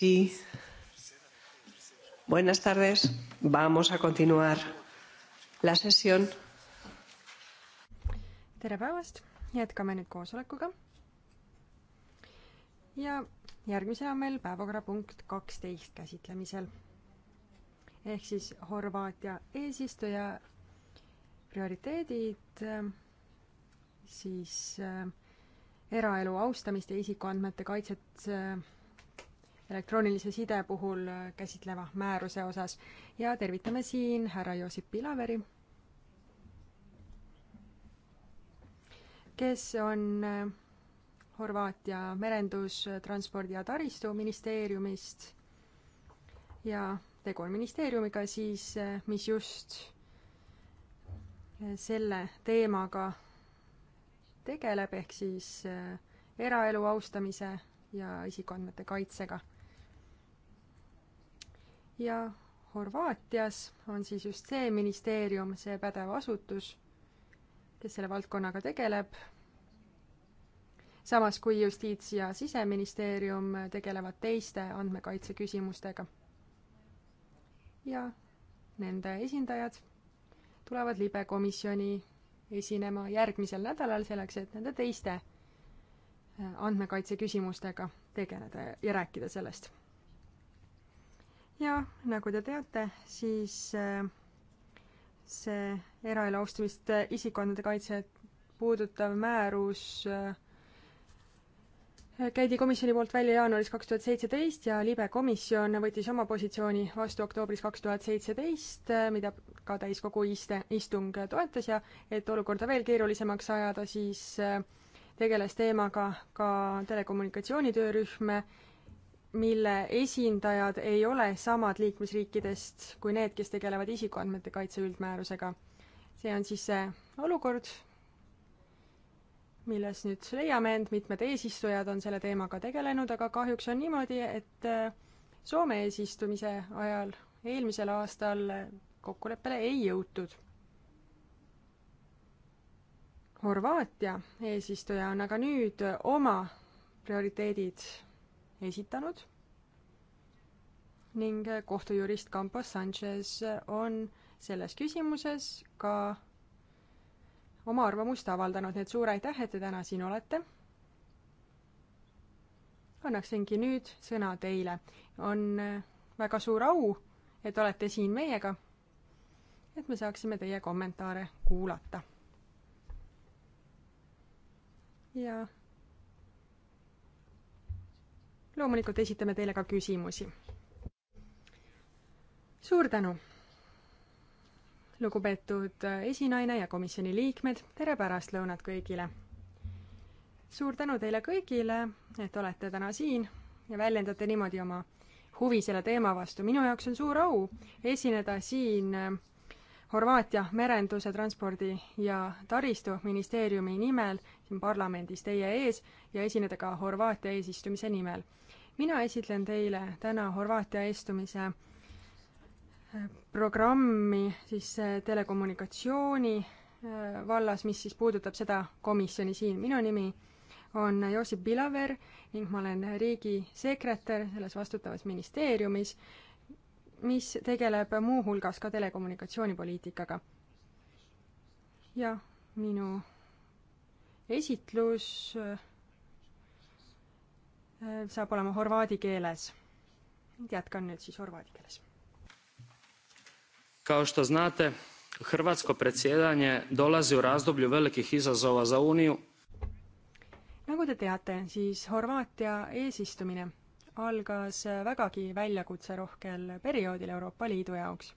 Sí. Buenas tardes. Vamos a continuar la sesión. tere päevast, jätkame nüüd koosolekuga. ja järgmisena on meil päevakorrapunkt kaksteist käsitlemisel. ehk siis Horvaatia eesistuja prioriteedid, siis äh, eraelu austamist ja isikuandmete kaitset äh, elektroonilise side puhul käsitleva määruse osas ja tervitame siin härra Joosip Pilaveri, kes on Horvaatia merendus-, transpordi- ja taristuministeeriumist ja tegu on ministeeriumiga siis, mis just selle teemaga tegeleb, ehk siis eraelu austamise ja isikuandmete kaitsega ja Horvaatias on siis just see ministeerium, see pädev asutus, kes selle valdkonnaga tegeleb. samas kui Justiits- ja Siseministeerium tegelevad teiste andmekaitse küsimustega. ja nende esindajad tulevad libekomisjoni esinema järgmisel nädalal selleks, et nende teiste andmekaitse küsimustega tegeleda ja rääkida sellest ja nagu te teate, siis äh, see eraelu austamist äh, isikuandmete kaitse puudutav määrus äh, käidi komisjoni poolt välja jaanuaris kaks tuhat seitseteist ja libe komisjon võttis oma positsiooni vastu oktoobris kaks tuhat seitseteist, mida ka täiskogu iste, istung toetas ja et olukorda veel keerulisemaks ajada, siis tegeles teemaga ka telekommunikatsiooni töörühm mille esindajad ei ole samad liikmesriikidest kui need, kes tegelevad isikuandmete kaitse üldmäärusega. see on siis see olukord, milles nüüd leiame end, mitmed eesistujad on selle teemaga tegelenud, aga kahjuks on niimoodi, et äh, Soome eesistumise ajal eelmisel aastal äh, kokkuleppele ei jõutud. Horvaatia eesistuja on aga nüüd oma prioriteedid esitanud ning kohtujurist Campos Sanchez on selles küsimuses ka oma arvamust avaldanud, nii et suur aitäh, et te täna siin olete. annaksingi nüüd sõna teile. on väga suur au, et olete siin meiega, et me saaksime teie kommentaare kuulata. ja loomulikult esitame teile ka küsimusi. suur tänu! lugupeetud esinaine ja komisjoni liikmed, tere pärastlõunat kõigile! suur tänu teile kõigile, et olete täna siin ja väljendate niimoodi oma huvi selle teema vastu. minu jaoks on suur au esineda siin Horvaatia merenduse, transpordi ja taristuministeeriumi nimel siin parlamendis teie ees ja esineda ka Horvaatia eesistumise nimel mina esitlen teile täna Horvaatia eestumise äh, programmi siis äh, telekommunikatsiooni äh, vallas, mis siis puudutab seda komisjoni siin. minu nimi on Josip Bilaver ning ma olen riigisekretär selles vastutavas ministeeriumis, mis tegeleb muuhulgas ka telekommunikatsioonipoliitikaga. ja minu esitlus Äh, saab olema horvaadi keeles. jätkan nüüd siis horvaadi keeles. Kao što znate, hrvatsko predsjedanje dolazi u razdoblju velikih izazova za Uniju. nagu te teate, siis Horvaatia eesistumine algas vägagi väljakutserohkel perioodil Euroopa Liidu jaoks.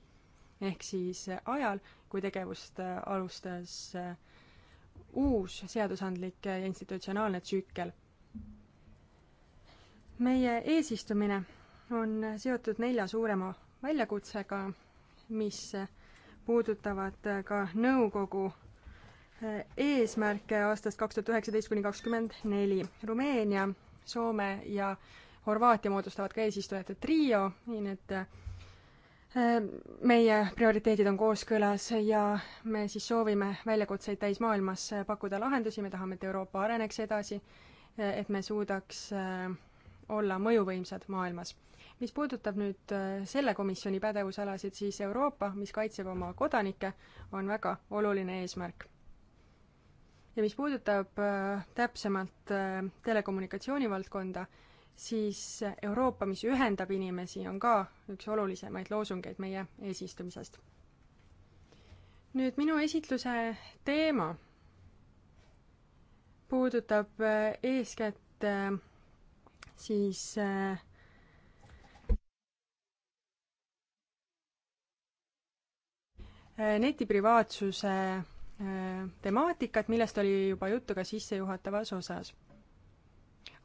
ehk siis ajal, kui tegevust alustas uus seadusandlik ja institutsionaalne tsükkel meie eesistumine on seotud nelja suurema väljakutsega, mis puudutavad ka nõukogu eh, eesmärke aastast kaks tuhat üheksateist kuni kakskümmend neli. Rumeenia, Soome ja Horvaatia moodustavad ka eesistujate trio, nii et eh, meie prioriteedid on kooskõlas ja me siis soovime väljakutseid täis maailmas eh, pakkuda lahendusi, me tahame, et Euroopa areneks edasi, et me suudaks äh, olla mõjuvõimsad maailmas. mis puudutab nüüd äh, selle komisjoni pädevusalasid, siis Euroopa, mis kaitseb oma kodanikke, on väga oluline eesmärk. ja mis puudutab äh, täpsemalt äh, telekommunikatsiooni valdkonda, siis Euroopa, mis ühendab inimesi, on ka üks olulisemaid loosungeid meie eesistumisest. nüüd minu esitluse teema puudutab eeskätt siis äh, äh, netiprivaatsuse äh, temaatikat, millest oli juba juttu ka sissejuhatavas osas.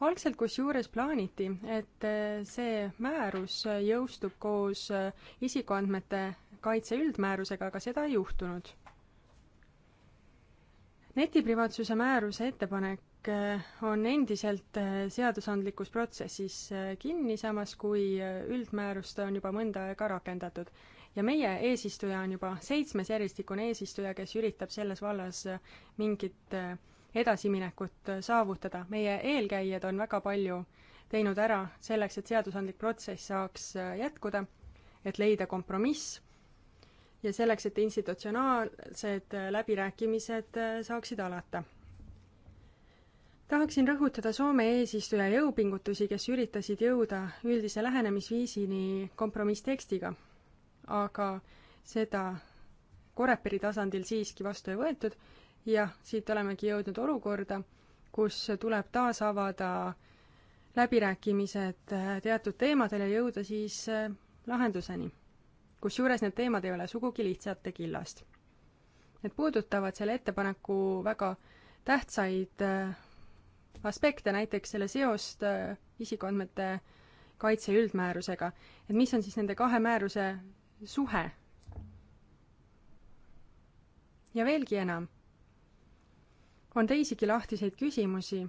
algselt kusjuures plaaniti, et see määrus jõustub koos isikuandmete kaitse üldmäärusega, aga seda ei juhtunud netiprivaatsuse määruse ettepanek Eh, on endiselt eh, seadusandlikus protsessis eh, kinni, samas kui üldmäärust on juba mõnda aega rakendatud. ja meie eesistuja on juba seitsmes järjestikune eesistuja, kes üritab selles vallas mingit edasiminekut saavutada. meie eelkäijad on väga palju teinud ära selleks, et seadusandlik protsess saaks jätkuda, et leida kompromiss ja selleks, et institutsionaalsed läbirääkimised saaksid alata tahaksin rõhutada Soome eesistuja jõupingutusi, kes üritasid jõuda üldise lähenemisviisini kompromisstekstiga, aga seda Koreperi tasandil siiski vastu ei võetud ja siit olemegi jõudnud olukorda, kus tuleb taas avada läbirääkimised teatud teemadel ja jõuda siis äh, lahenduseni. kusjuures need teemad ei ole sugugi lihtsate killast. Need puudutavad selle ettepaneku väga tähtsaid äh, aspekte, näiteks selle seost äh, isikuandmete kaitse üldmäärusega, et mis on siis nende kahe määruse suhe. ja veelgi enam, on teisigi lahtiseid küsimusi,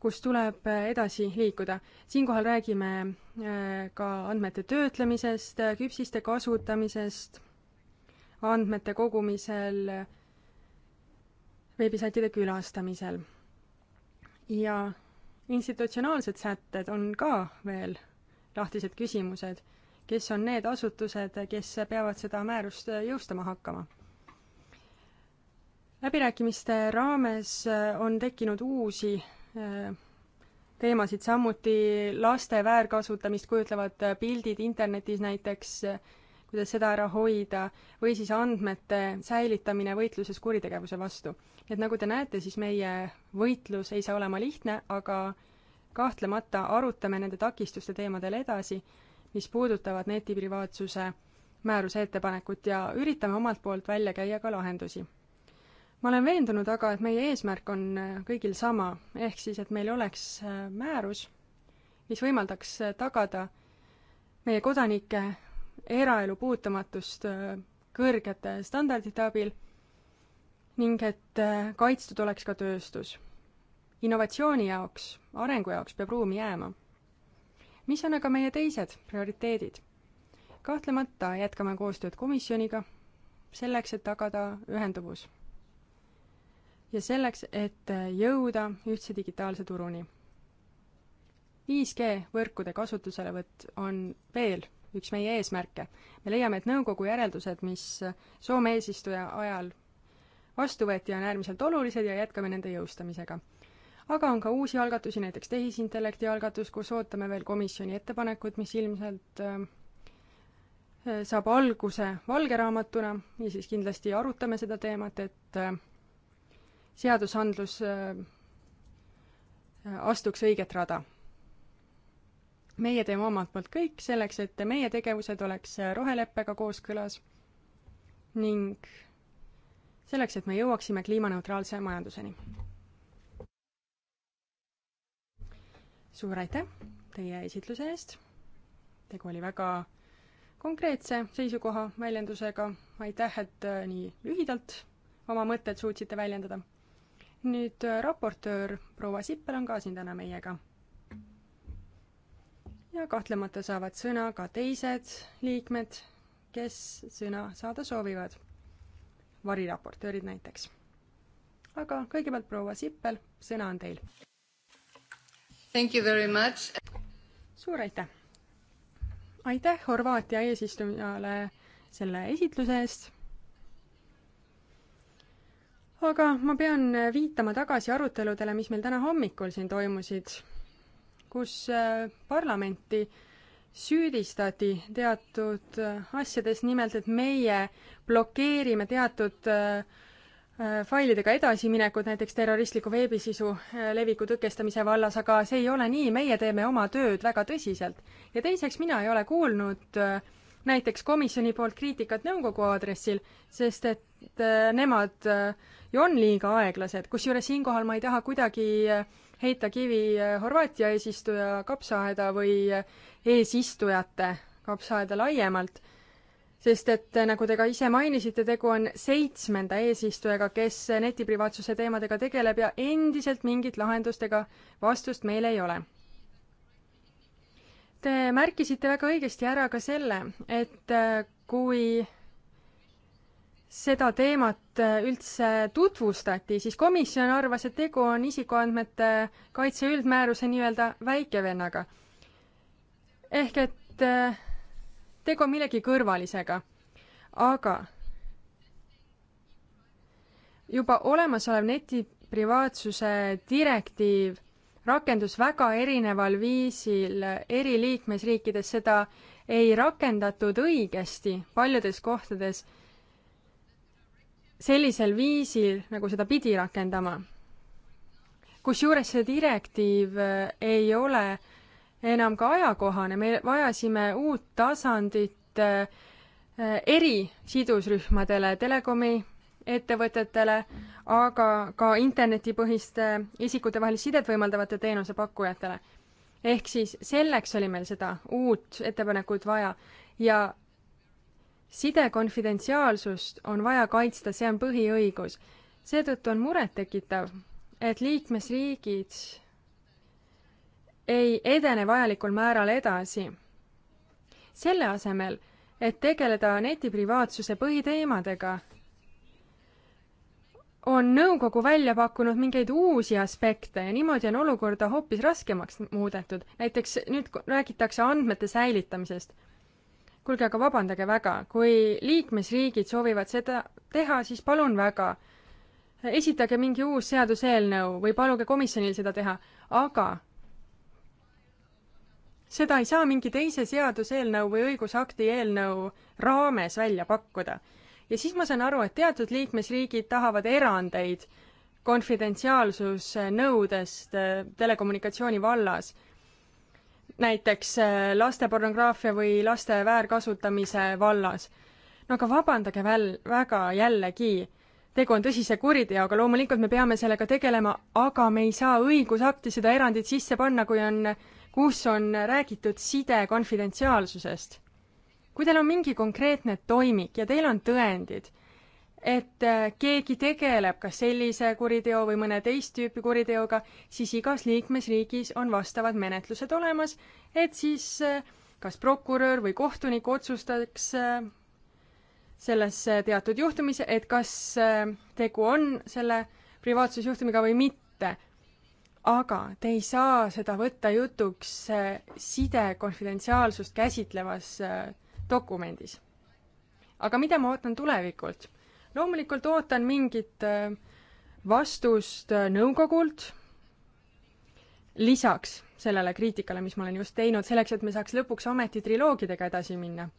kus tuleb äh, edasi liikuda. siinkohal räägime äh, ka andmete töötlemisest, küpsiste kasutamisest, andmete kogumisel äh, veebisaitide külastamisel. ja institutsionaalsed sätted on ka veel lahtised küsimused, kes on need asutused, kes peavad seda määrust jõustama hakkama. läbirääkimiste raames on tekkinud uusi äh, teemasid, samuti laste väärkasutamist kujutlevad pildid internetis näiteks äh, kuidas seda ära hoida, või siis andmete säilitamine võitluses kuritegevuse vastu. et nagu te näete, siis meie võitlus ei saa olema lihtne, aga kahtlemata arutame nende takistuste teemadel edasi, mis puudutavad netiprivaatsuse määruse ettepanekut ja üritame omalt poolt välja käia ka lahendusi. ma olen veendunud aga, et meie eesmärk on kõigil sama, ehk siis, et meil oleks määrus, mis võimaldaks tagada meie kodanike eraelu puutumatust äh, kõrgete standardite abil ning et äh, kaitstud oleks ka tööstus. innovatsiooni jaoks, arengu jaoks peab ruumi jääma. mis on aga meie teised prioriteedid? kahtlemata jätkame koostööd komisjoniga, selleks, et tagada ühenduvus. ja selleks, et äh, jõuda ühtse digitaalse turuni. 5G võrkude kasutuselevõtt on veel üks meie eesmärke. me leiame, et nõukogu järeldused, mis Soome eesistuja ajal vastu võeti, on äärmiselt olulised ja jätkame nende jõustamisega. aga on ka uusi algatusi, näiteks tehisintellekti algatus, kus ootame veel komisjoni ettepanekut, mis ilmselt äh, saab alguse valge raamatuna ja siis kindlasti arutame seda teemat, et äh, seadusandlus äh, astuks õiget rada meie teeme omalt poolt kõik selleks, et meie tegevused oleks roheleppega kooskõlas ning selleks, et me jõuaksime kliimaneutraalse majanduseni. suur aitäh teie esitluse eest. tegu oli väga konkreetse seisukoha väljendusega. aitäh, et äh, nii lühidalt oma mõtted suutsite väljendada. nüüd äh, raportöör proua Sippel on ka siin täna meiega ja kahtlemata saavad sõna ka teised liikmed, kes sõna saada soovivad, variraportöörid näiteks. aga kõigepealt proua Sippel, sõna on teil. Thank you very much. suur aitäh. aitäh Horvaatia eesistujale selle esitluse eest aga ma pean viitama tagasi aruteludele, mis meil täna hommikul siin toimusid kus äh, parlamenti süüdistati teatud äh, asjades, nimelt et meie blokeerime teatud äh, failidega edasiminekut, näiteks terroristliku veebisisu leviku tõkestamise vallas, aga see ei ole nii, meie teeme oma tööd väga tõsiselt. ja teiseks, mina ei ole kuulnud näiteks komisjoni poolt kriitikat nõukogu aadressil, sest et nemad ju on liiga aeglased, kusjuures siinkohal ma ei taha kuidagi äh, heita kivi eh, Horvaatia eesistuja kapsaaeda või eh, eesistujate kapsaaeda laiemalt, sest et eh, nagu te ka ise mainisite, tegu on seitsmenda eesistujaga, kes netiprivaatsuse teemadega tegeleb ja endiselt mingit lahendust ega vastust meil ei ole. Te märkisite väga õigesti ära ka selle, et kui seda teemat äh, üldse tutvustati, siis komisjon arvas, et tegu on isikuandmete kaitse üldmääruse nii-öelda väikevennaga. ehk et äh, tegu on millegi kõrvalisega. aga juba olemasolev neti privaatsuse direktiiv rakendus väga erineval viisil eri liikmesriikides, seda ei rakendatud õigesti paljudes kohtades sellisel viisil, nagu seda pidi rakendama. kusjuures see direktiiv äh, ei ole enam ka ajakohane, me vajasime uut tasandit äh, äh, eri sidusrühmadele, telekomi ettevõtetele, aga ka internetipõhiste isikutevahelist sidet võimaldavate teenusepakkujatele. ehk siis selleks oli meil seda uut ettepanekut vaja ja side konfidentsiaalsust on vaja kaitsta, see on põhiõigus. seetõttu on murettekitav, et liikmesriigid ei edene vajalikul määral edasi. selle asemel, et tegeleda netiprivaatsuse põhiteemadega, on nõukogu välja pakkunud mingeid uusi aspekte ja niimoodi on olukorda hoopis raskemaks muudetud. näiteks nüüd räägitakse andmete säilitamisest kuulge, aga vabandage väga, kui liikmesriigid soovivad seda teha, siis palun väga, esitage mingi uus seaduseelnõu või paluge komisjonil seda teha, aga seda ei saa mingi teise seaduseelnõu või õigusakti eelnõu raames välja pakkuda. ja siis ma saan aru, et teatud liikmesriigid tahavad erandeid konfidentsiaalsusnõudest eh, telekommunikatsiooni vallas näiteks äh, lastepornograafia või laste väärkasutamise vallas. no aga vabandage väl-, väga jällegi, tegu on tõsise kuriteoga, loomulikult me peame sellega tegelema, aga me ei saa õigusakti seda erandit sisse panna, kui on, kus on räägitud side konfidentsiaalsusest. kui teil on mingi konkreetne toimik ja teil on tõendid, et äh, keegi tegeleb kas sellise kuriteo või mõne teist tüüpi kuriteoga, siis igas liikmesriigis on vastavad menetlused olemas, et siis äh, kas prokurör või kohtunik otsustaks äh, selles teatud juhtumis, et kas tegu on selle privaatsusjuhtumiga või mitte. aga te ei saa seda võtta jutuks side konfidentsiaalsust käsitlevas dokumendis. aga mida ma ootan tulevikult? loomulikult ootan mingit äh, vastust äh, nõukogult, lisaks sellele kriitikale, mis ma olen just teinud, selleks, et me saaks lõpuks ometi triloogidega edasi minna.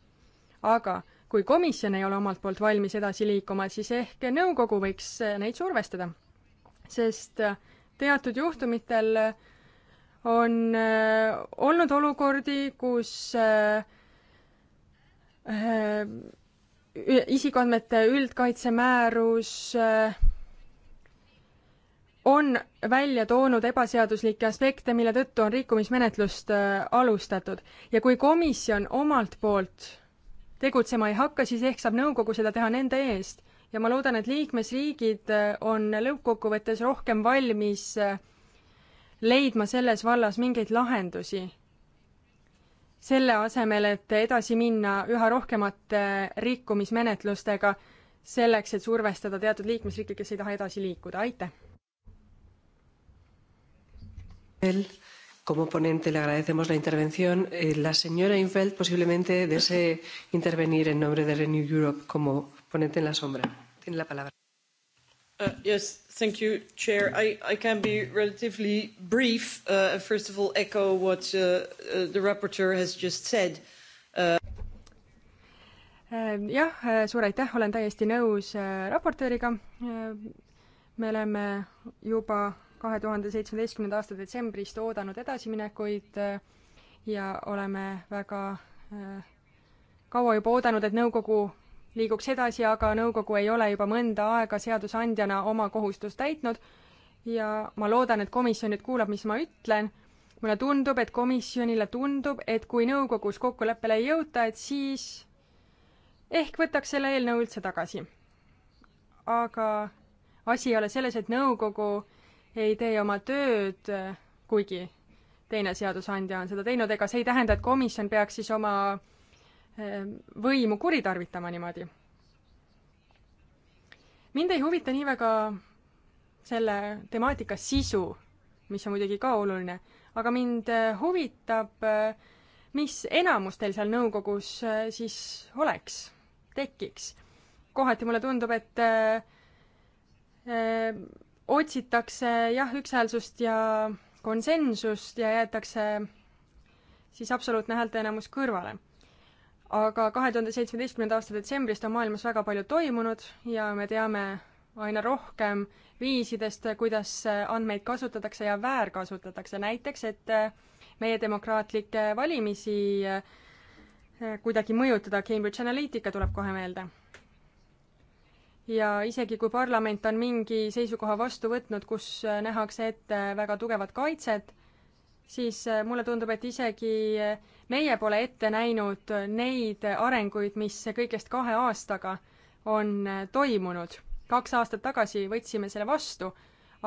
aga kui komisjon ei ole omalt poolt valmis edasi liikuma, siis ehk nõukogu võiks äh, neid survestada. sest teatud juhtumitel on olnud olukordi, kus isikuandmete üldkaitsemäärus äh, on välja toonud ebaseaduslikke aspekte, mille tõttu on rikkumismenetlust äh, alustatud. ja kui komisjon omalt poolt tegutsema ei hakka, siis ehk saab nõukogu seda teha nende eest. ja ma loodan, et liikmesriigid äh, on lõppkokkuvõttes rohkem valmis leidma selles vallas mingeid lahendusi selle asemel, et edasi minna üha rohkemate rikkumismenetlustega, selleks, et survestada teatud liikmesriike, kes ei taha edasi liikuda, aitäh! Como ponente le agradecemos la intervención. Eh, la señora Infeld posiblemente desee intervenir en nombre de Renew Europe como ponente en la sombra. Tiene la palabra. Uh, yes, Thank you, Chair. I, I can be relatively brief. Uh, first of all, echo what uh, uh, the rapporteur has just said. Uh... Um, jah, uh, suur aitäh, olen täiesti nõus uh, raportööriga. Uh, me oleme juba kahe tuhande seitsmeteistkümnenda aasta detsembrist oodanud edasiminekuid ja oleme väga kaua juba oodanud, et nõukogu liiguks edasi, aga nõukogu ei ole juba mõnda aega seadusandjana oma kohustust täitnud ja ma loodan, et komisjon nüüd kuulab, mis ma ütlen. mulle tundub, et komisjonile tundub, et kui nõukogus kokkuleppele ei jõuta, et siis ehk võtaks selle eelnõu üldse tagasi. aga asi ei ole selles, et nõukogu ei tee oma tööd, kuigi teine seadusandja on seda teinud, ega see ei tähenda, et komisjon peaks siis oma Ehm, võimu kuritarvitama niimoodi. mind ei huvita nii väga selle temaatika sisu, mis on muidugi ka oluline, aga mind eh, huvitab, eh, mis enamus teil seal nõukogus eh, siis oleks, tekiks. kohati mulle tundub, et öö, otsitakse jah, ükshäälsust ja konsensust ja jäetakse siis absoluutne häälteenamus kõrvale aga kahe tuhande seitsmeteistkümnenda aasta detsembrist on maailmas väga palju toimunud ja me teame aina rohkem viisidest, kuidas andmeid kasutatakse ja väärkasutatakse, näiteks et meie demokraatlikke valimisi eh, kuidagi mõjutada, Cambridge Analytica tuleb kohe meelde ja isegi, kui parlament on mingi seisukoha vastu võtnud, kus nähakse ette väga tugevat kaitset, siis äh, mulle tundub, et isegi äh, meie pole ette näinud neid arenguid, mis kõigest kahe aastaga on äh, toimunud. kaks aastat tagasi võtsime selle vastu,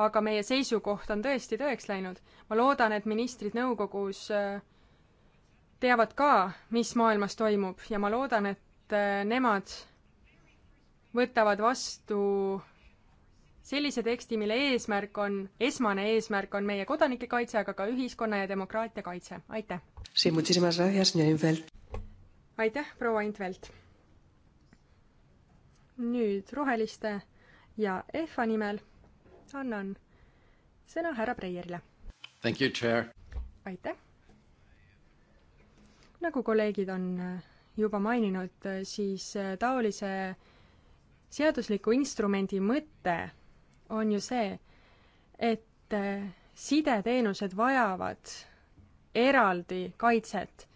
aga meie seisukoht on tõesti tõeks läinud. ma loodan, et ministrid nõukogus teavad ka, mis maailmas toimub ja ma loodan, et nemad võtavad vastu sellise teksti, mille eesmärk on, esmane eesmärk on meie kodanike kaitse, aga ka ühiskonna ja demokraatia kaitse, aitäh! aitäh, proua Intvelt! nüüd Roheliste ja EFA nimel annan sõna härra Breierile. aitäh! nagu kolleegid on äh, juba maininud, äh, siis äh, taolise seadusliku instrumendi mõte on ju see, et äh, sideteenused vajavad eraldi kaitset.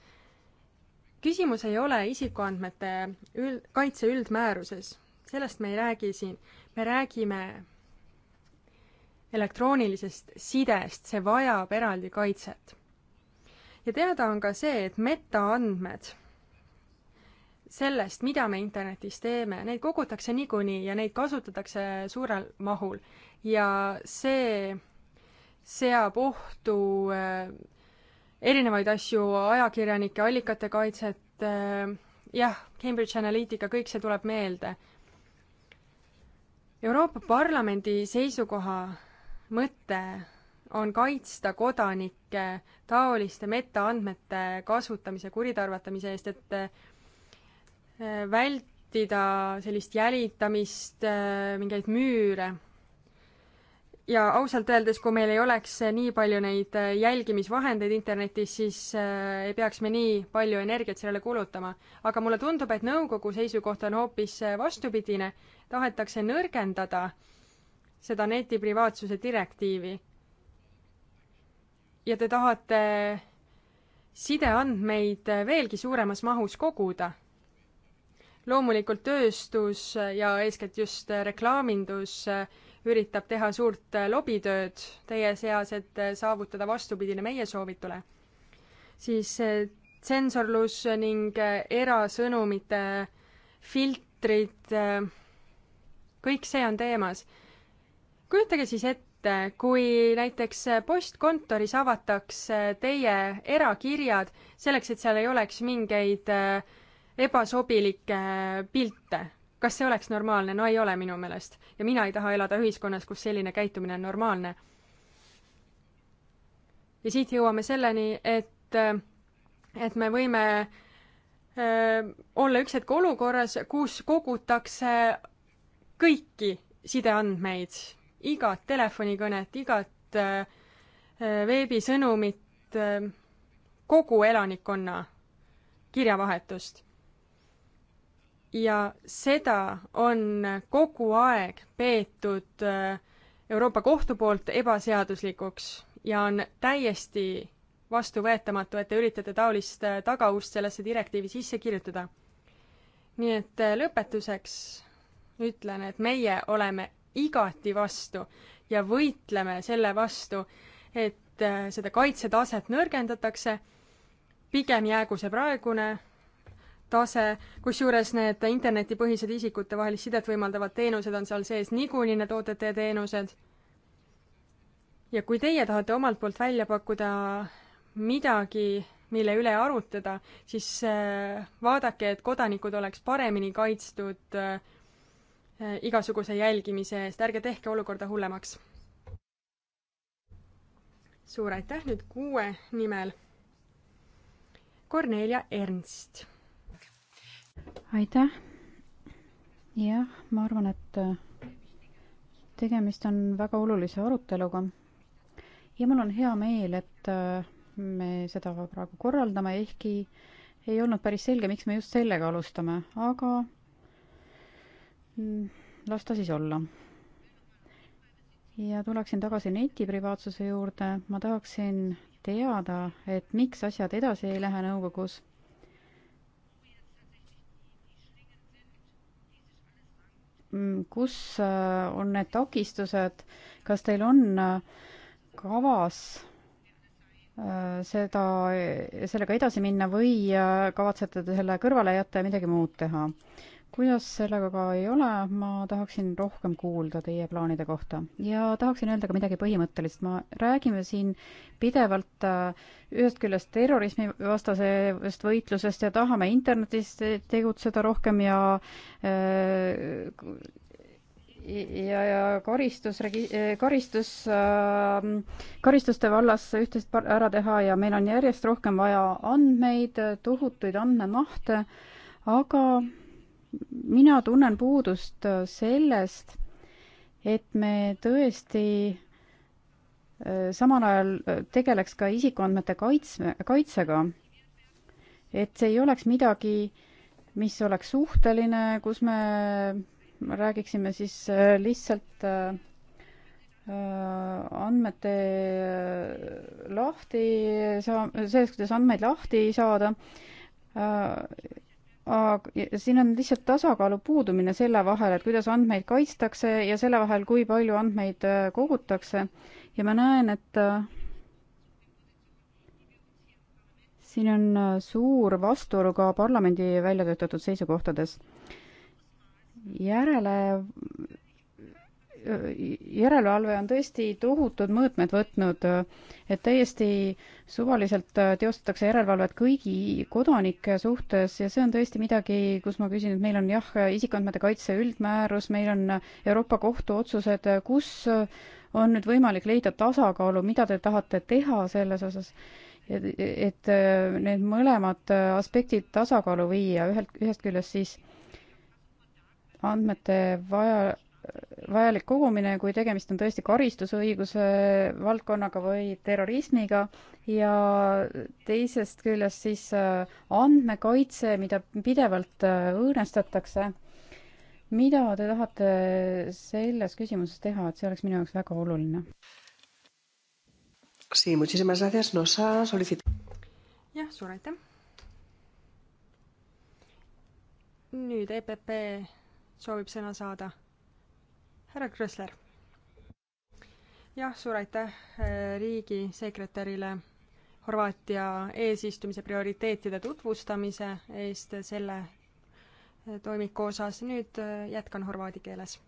küsimus ei ole isikuandmete üld, kaitse üldmääruses, sellest me ei räägi siin, me räägime elektroonilisest sidest, see vajab eraldi kaitset. ja teada on ka see, et metaandmed sellest, mida me internetis teeme, neid kogutakse niikuinii ja neid kasutatakse suurel mahul. ja see seab ohtu äh, erinevaid asju, ajakirjanike allikate kaitset, äh, jah, Cambridge Analytica, kõik see tuleb meelde. Euroopa Parlamendi seisukoha mõte on kaitsta kodanikke taoliste metaandmete kasutamise, kuritarvatamise eest, et äh, vältida sellist jälitamist, äh, mingeid müüre. ja ausalt öeldes, kui meil ei oleks nii palju neid äh, jälgimisvahendeid internetis, siis äh, ei peaks me nii palju energiat sellele kulutama. aga mulle tundub, et nõukogu seisukoht on hoopis vastupidine, tahetakse nõrgendada seda netiprivaatsuse direktiivi. ja te tahate sideandmeid veelgi suuremas mahus koguda loomulikult tööstus ja eeskätt just reklaamindus üritab teha suurt lobitööd teie seas, et saavutada vastupidine meie soovitule, siis eh, tsensorlus ning eh, erasõnumite filtrid, eh, kõik see on teemas. kujutage siis ette, kui näiteks postkontoris avatakse teie erakirjad selleks, et seal ei oleks mingeid äh, ebasobilikke pilte. kas see oleks normaalne? no ei ole minu meelest. ja mina ei taha elada ühiskonnas, kus selline käitumine on normaalne. ja siit jõuame selleni, et, et me võime öö, olla üks hetk olukorras, kus kogutakse kõiki sideandmeid, igat telefonikõnet, igat öö, veebisõnumit, kogu elanikkonna kirjavahetust ja seda on kogu aeg peetud äh, Euroopa Kohtu poolt ebaseaduslikuks ja on täiesti vastuvõetamatu, et te üritate taolist äh, tagaust sellesse direktiivi sisse kirjutada. nii et äh, lõpetuseks ütlen, et meie oleme igati vastu ja võitleme selle vastu, et seda kaitsetaset nõrgendatakse, pigem jäägu see praegune tase, kusjuures need internetipõhised isikute vahelist sidet võimaldavad teenused on seal sees niikuinii, need OTT teenused. ja kui teie tahate omalt poolt välja pakkuda midagi, mille üle arutada, siis äh, vaadake, et kodanikud oleks paremini kaitstud äh, igasuguse jälgimise eest, ärge tehke olukorda hullemaks. suur aitäh nüüd kuue nimel. Kornelia Ernst aitäh! jah, ma arvan, et äh, tegemist on väga olulise aruteluga ja mul on hea meel, et äh, me seda praegu korraldame, ehkki ei olnud päris selge, miks me just sellega alustame, aga mm, las ta siis olla. ja tuleksin tagasi netiprivaatsuse juurde, ma tahaksin teada, et miks asjad edasi ei lähe nõukogus Mm, kus äh, on need takistused, kas teil on äh, kavas äh, seda, sellega edasi minna või kavatsete te selle kõrvale jätta ja midagi muud teha? kuidas sellega ka ei ole, ma tahaksin rohkem kuulda teie plaanide kohta ja tahaksin öelda ka midagi põhimõttelist. ma, räägime siin pidevalt äh, ühest küljest terrorismivastasest võitlusest ja tahame internetis tegutseda rohkem ja äh, ja, ja karistus, äh, karistus, karistuste vallas üht-teist ära teha ja meil on järjest rohkem vaja andmeid, tohutuid andmemahte, aga mina tunnen puudust äh, sellest, et me tõesti äh, samal ajal äh, tegeleks ka isikuandmete kaitsme, kaitsega. et see ei oleks midagi, mis oleks suhteline, kus me räägiksime siis lihtsalt andmete lahti saa-, selles, kuidas andmeid lahti saada, aga siin on lihtsalt tasakaalu puudumine selle vahel, et kuidas andmeid kaitstakse ja selle vahel, kui palju andmeid äh, kogutakse. ja ma näen, et äh, siin on äh, suur vastuolu ka parlamendi välja töötatud seisukohtades. järele järelevalve on tõesti tohutud mõõtmed võtnud, et täiesti suvaliselt äh, teostatakse järelevalvet kõigi kodanike suhtes ja see on tõesti midagi, kus ma küsin, et meil on jah, isikuandmete kaitse üldmäärus, meil on Euroopa Kohtu otsused, kus on nüüd võimalik leida tasakaalu, mida te tahate teha selles osas et, et äh, need mõlemad aspektid tasakaalu viia, ühelt, ühest küljest siis andmete vaja, vajalik kogumine, kui tegemist on tõesti karistusõiguse valdkonnaga või terrorismiga ja teisest küljest siis äh, andmekaitse, mida pidevalt äh, õõnestatakse. mida te tahate selles küsimuses teha, et see oleks minu jaoks väga oluline? jah, suur aitäh. nüüd EPP soovib sõna saada härra Krõsler. jah, suur aitäh eh, riigisekretärile Horvaatia eesistumise prioriteetide tutvustamise eest selle eh, toimiku osas. nüüd eh, jätkan horvaadi keeles.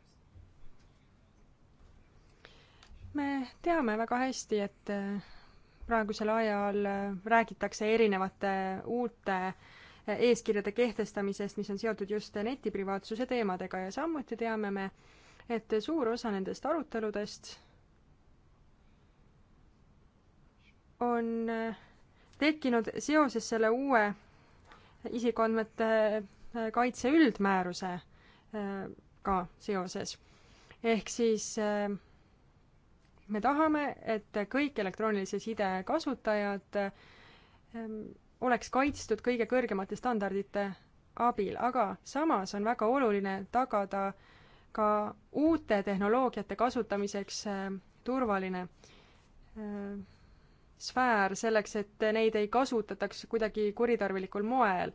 me teame väga hästi, et praegusel ajal räägitakse erinevate uute eeskirjade kehtestamisest, mis on seotud just netiprivaatsuse teemadega ja samuti teame me, et suur osa nendest aruteludest on tekkinud seoses selle uue isikuandmete kaitse üldmäärusega äh, seoses. ehk siis äh, me tahame, et kõik elektroonilise side kasutajad ähm, oleks kaitstud kõige kõrgemate standardite abil, aga samas on väga oluline tagada äh, ka uute tehnoloogiate kasutamiseks äh, turvaline äh, sfäär selleks, et neid ei kasutataks kuidagi kuritarvilikul moel.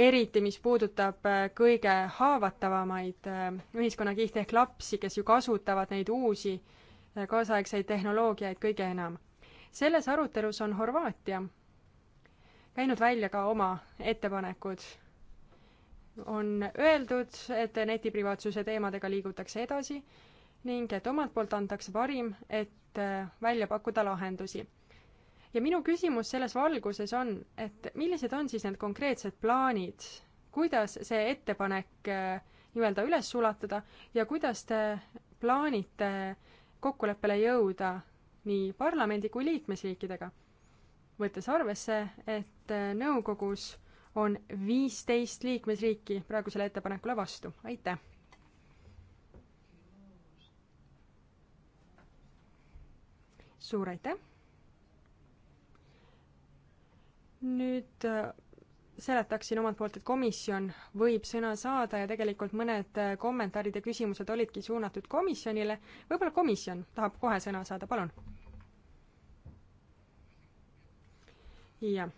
eriti, mis puudutab äh, kõige haavatavamaid ühiskonnakihte ehk lapsi, kes ju kasutavad neid uusi kaasaegseid tehnoloogiaid kõige enam. selles arutelus on Horvaatia käinud välja ka oma ettepanekud on öeldud, et netiprivaatsuse teemadega liigutakse edasi ning et omalt poolt antakse parim, et äh, välja pakkuda lahendusi. ja minu küsimus selles valguses on, et millised on siis need konkreetsed plaanid, kuidas see ettepanek äh, nii-öelda üles sulatada ja kuidas te plaanite kokkuleppele jõuda nii parlamendi kui liikmesriikidega, võttes arvesse, et äh, nõukogus äh, on viisteist liikmesriiki praegu selle ettepanekule vastu, aitäh. suur aitäh. nüüd äh, seletaksin omalt poolt, et komisjon võib sõna saada ja tegelikult mõned äh, kommentaarid ja küsimused olidki suunatud komisjonile. võib-olla komisjon tahab kohe sõna saada, palun. jah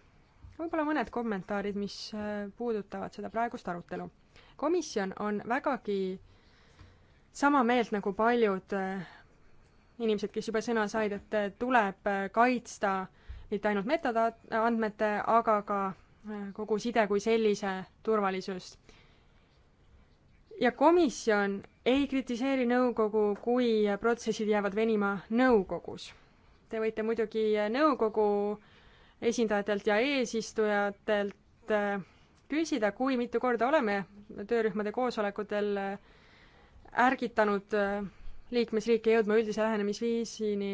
võib-olla mõned kommentaarid, mis äh, puudutavad seda praegust arutelu. komisjon on vägagi sama meelt nagu paljud äh, inimesed, kes juba sõna said, et äh, tuleb kaitsta mitte ainult metaandmete, aga ka kogu side kui sellise turvalisust. ja komisjon ei kritiseeri nõukogu, kui protsessid jäävad venima nõukogus. Te võite muidugi nõukogu äh, esindajatelt ja eesistujatelt äh, küsida, kui mitu korda oleme töörühmade koosolekutel äh, ärgitanud äh, liikmesriike jõudma üldise lähenemisviisini.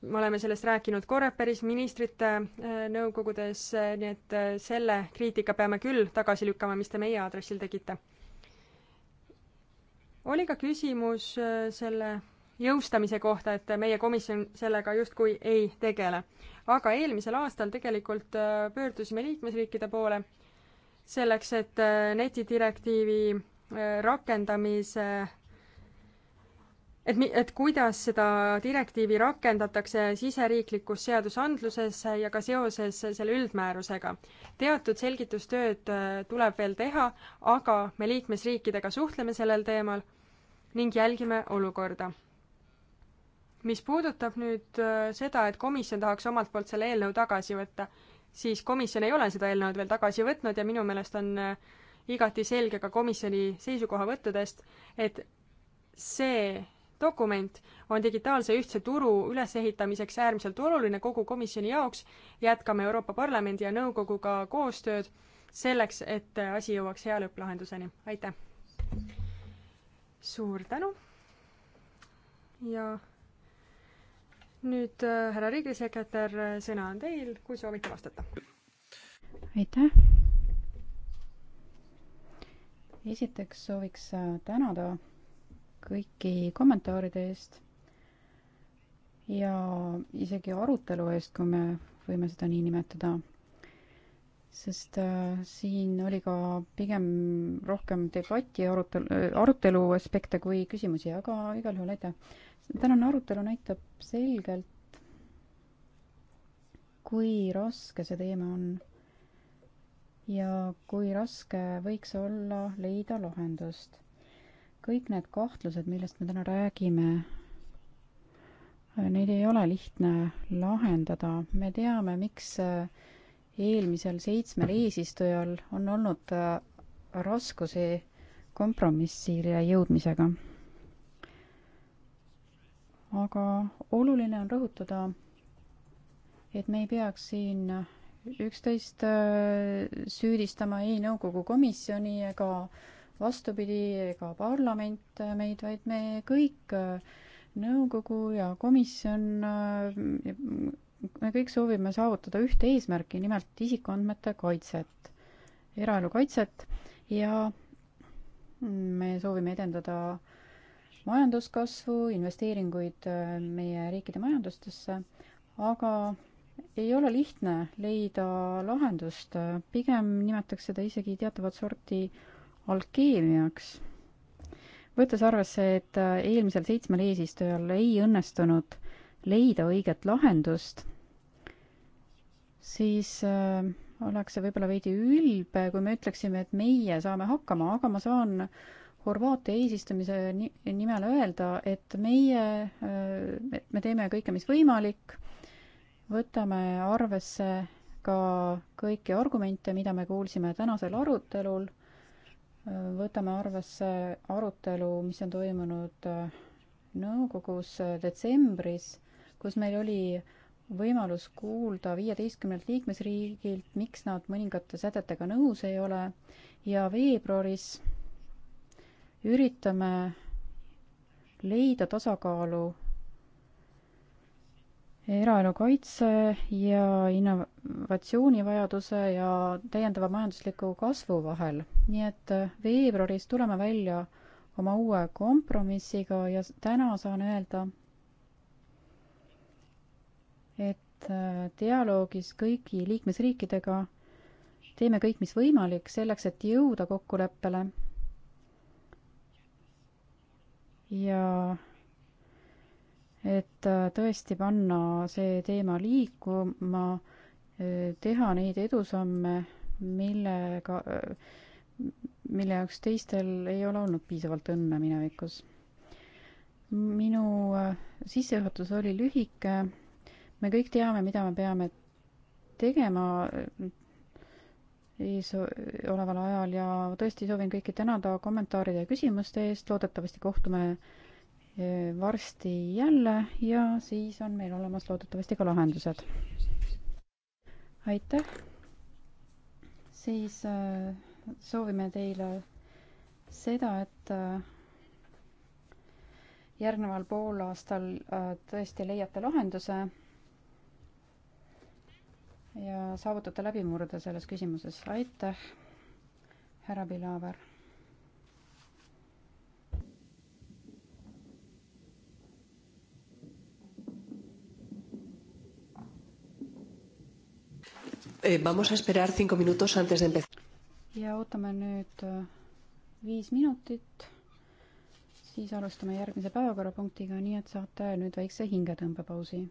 me oleme sellest rääkinud Coreperis, ministrite nõukogudes, nii et selle kriitika peame küll tagasi lükkama, mis te meie aadressil tegite. oli ka küsimus selle jõustamise kohta, et meie komisjon sellega justkui ei tegele. aga eelmisel aastal tegelikult äh, pöördusime liikmesriikide poole selleks, et äh, netidirektiivi äh, rakendamise et, et kuidas seda direktiivi rakendatakse siseriiklikus seadusandluses ja ka seoses selle üldmäärusega. teatud selgitustööd tuleb veel teha, aga me liikmesriikidega suhtleme sellel teemal ning jälgime olukorda mis puudutab nüüd äh, seda, et komisjon tahaks omalt poolt selle eelnõu tagasi võtta, siis komisjon ei ole seda eelnõu veel tagasi võtnud ja minu meelest on äh, igati selge ka komisjoni seisukohavõttudest, et see dokument on digitaalse ühtse turu ülesehitamiseks äärmiselt oluline kogu komisjoni jaoks. jätkame Euroopa Parlamendi ja nõukoguga koostööd selleks, et äh, asi jõuaks hea lõpplahenduseni. aitäh! suur tänu ja nüüd äh, härra riigisekretär, äh, sõna on teil, kui soovite vastata. aitäh. esiteks sooviks äh, tänada kõiki kommentaaride eest ja isegi arutelu eest, kui me võime seda nii nimetada. sest äh, siin oli ka pigem rohkem debati arutelu, arutelu aspekte kui küsimusi, aga igal juhul aitäh tänane arutelu näitab selgelt, kui raske see teema on ja kui raske võiks olla leida lahendust. kõik need kahtlused, millest me täna räägime, neid ei ole lihtne lahendada. me teame, miks eelmisel seitsmel eesistujal on olnud äh, raskusi kompromissile jõudmisega aga oluline on rõhutada, et me ei peaks siin üksteist äh, süüdistama ei nõukogu komisjoni ega vastupidi ega parlament meid, vaid me kõik, äh, nõukogu ja komisjon, äh, me kõik soovime saavutada ühte eesmärki, nimelt isikuandmete kaitset, eraelu kaitset ja me soovime edendada majanduskasvu, investeeringuid äh, meie riikide majandustesse, aga ei ole lihtne leida lahendust, pigem nimetaks seda isegi teatavat sorti alkeemiaks. võttes arvesse, et äh, eelmisel seitsmel eesistujal ei õnnestunud leida õiget lahendust, siis äh, oleks see võib-olla veidi ülbe, kui me ütleksime, et meie saame hakkama, aga ma saan äh, Horvaatia eesistumise nimel öelda, et meie, et me teeme kõike, mis võimalik, võtame arvesse ka kõiki argumente, mida me kuulsime tänasel arutelul, võtame arvesse arutelu, mis on toimunud nõukogus detsembris, kus meil oli võimalus kuulda viieteistkümnelt liikmesriigilt, miks nad mõningate sätetega nõus ei ole ja veebruaris üritame leida tasakaalu eraelu kaitse ja innovatsioonivajaduse ja täiendava majandusliku kasvu vahel. nii et veebruaris tuleme välja oma uue kompromissiga ja täna saan öelda, et dialoogis kõigi liikmesriikidega teeme kõik, mis võimalik selleks, et jõuda kokkuleppele ja et äh, tõesti panna see teema liikuma, äh, teha neid edusamme, millega, äh, mille jaoks teistel ei ole olnud piisavalt õnne minevikus. minu sissejuhatus oli lühike, me kõik teame, mida me peame tegema ees oleval ajal ja tõesti soovin kõiki tänada kommentaaride ja küsimuste eest, loodetavasti kohtume eh, varsti jälle ja siis on meil olemas loodetavasti ka lahendused. aitäh, siis eh, soovime teile seda, et eh, järgneval poolaastal tõesti leiate lahenduse ja saavutate läbimurde selles küsimuses. aitäh, härra Pilaver. Eh, vamos a esperar cinco minutos antes de empezar. ja ootame nüüd eh, viis minutit, siis alustame järgmise päevakorrapunktiga, nii et saate nüüd väikse hingetõmbepausi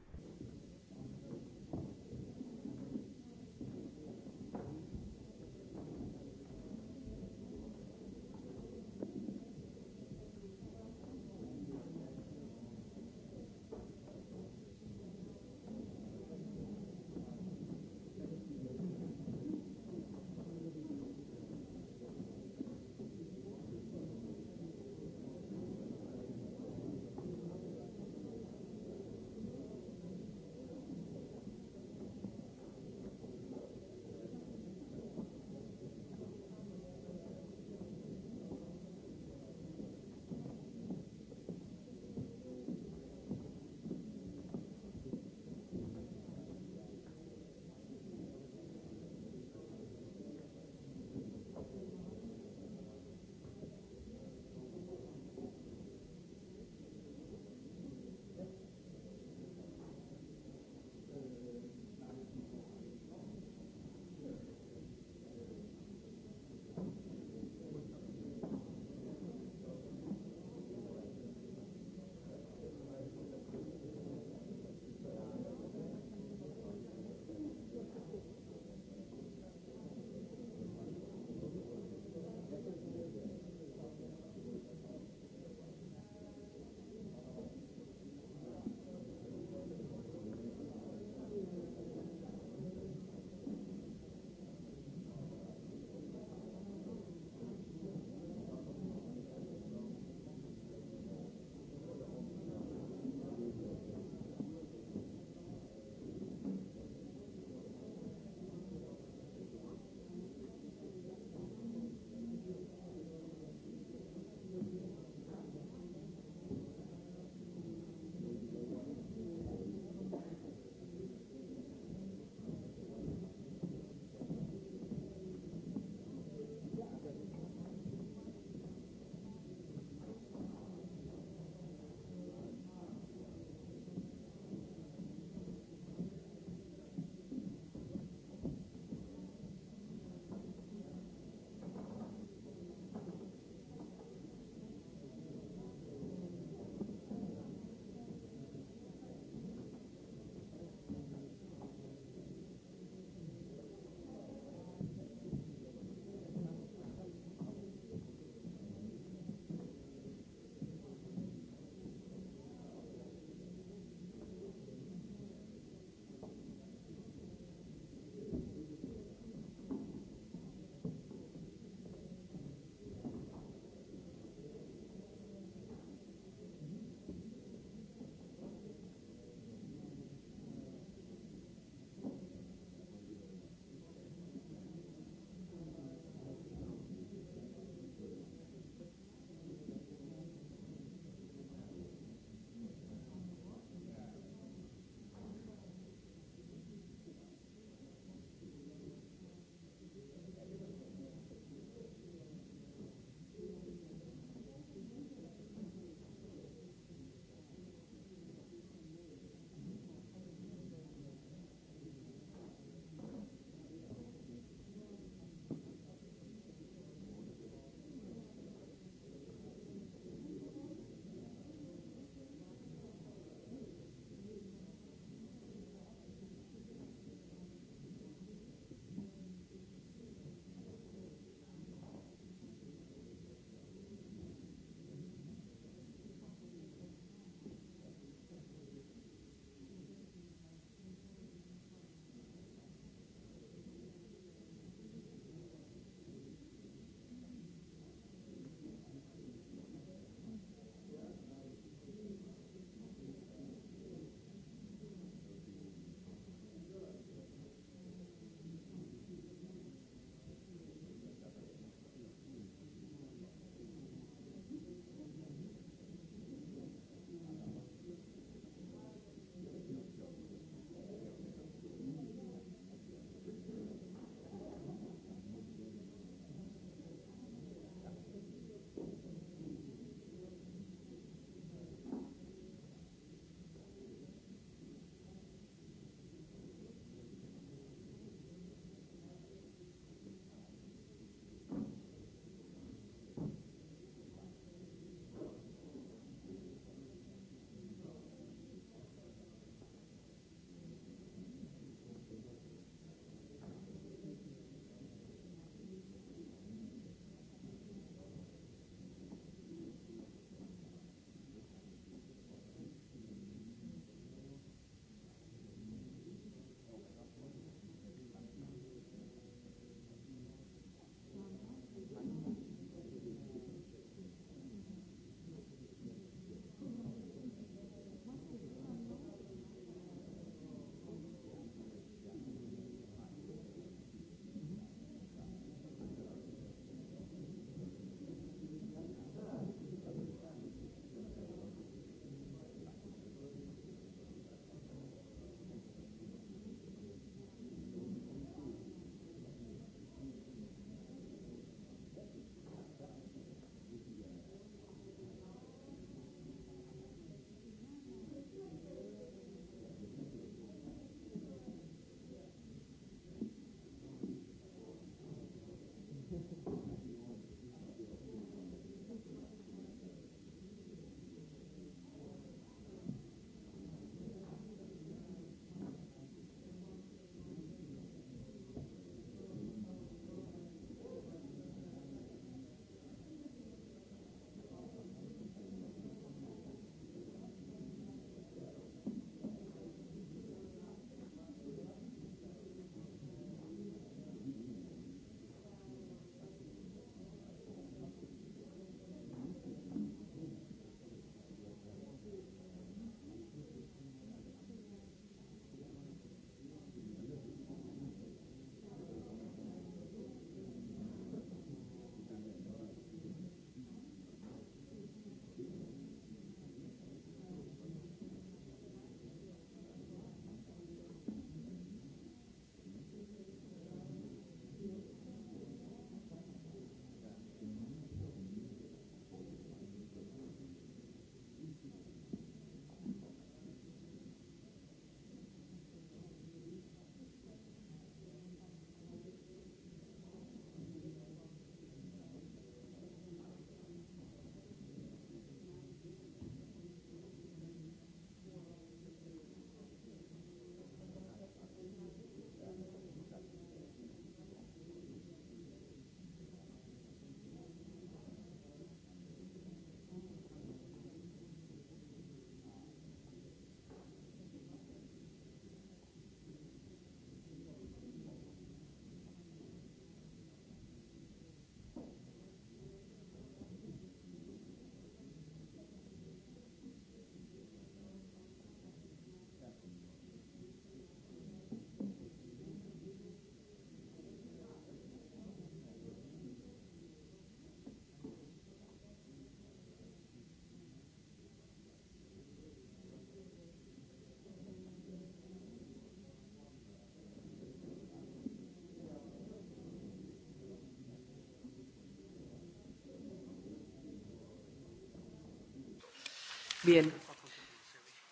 Bien,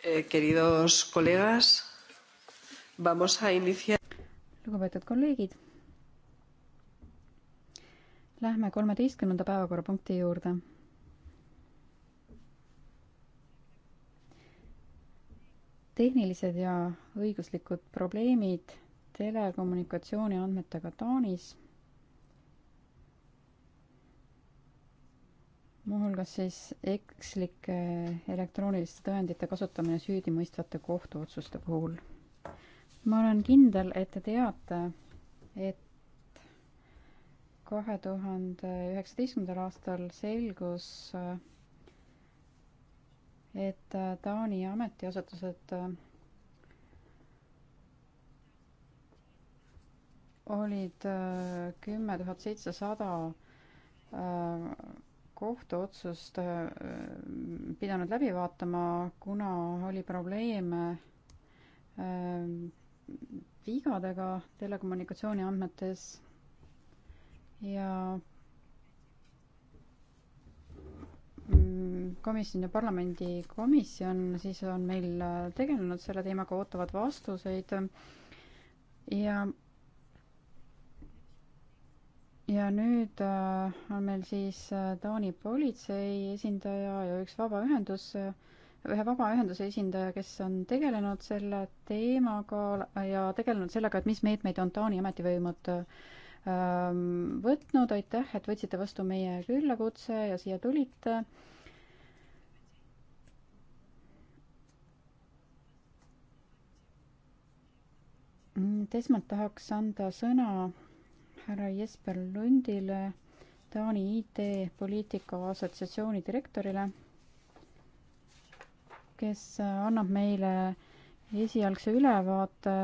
eh, queridos colegas, vamos a iniciar. lugupeetud kolleegid, lähme kolmeteistkümnenda päevakorrapunkti juurde. tehnilised ja õiguslikud probleemid telekommunikatsiooni andmetega Taanis siis ekslike elektrooniliste tõendite kasutamine süüdimõistvate kohtuotsuste puhul. ma olen kindel, et te teate, et kahe tuhande üheksateistkümnendal aastal selgus, et Taani ametiasutused olid äh, kümme tuhat seitsesada äh, kohtuotsust äh, pidanud läbi vaatama, kuna oli probleeme äh, vigadega telekommunikatsiooni andmetes ja mm, komisjon ja parlamendi komisjon siis on meil äh, tegelenud selle teemaga, ootavad vastuseid ja ja nüüd äh, on meil siis äh, Taani politsei esindaja ja üks vabaühendus, äh, ühe vabaühenduse esindaja, kes on tegelenud selle teemaga ja tegelenud sellega, et mis meetmeid on Taani ametivõimud ähm, võtnud, aitäh, et võtsite vastu meie küllakutse ja siia tulite. Mm, esmalt tahaks anda sõna härra Jesper Lundile, Taani IT-poliitika assotsiatsiooni direktorile, kes annab meile esialgse ülevaate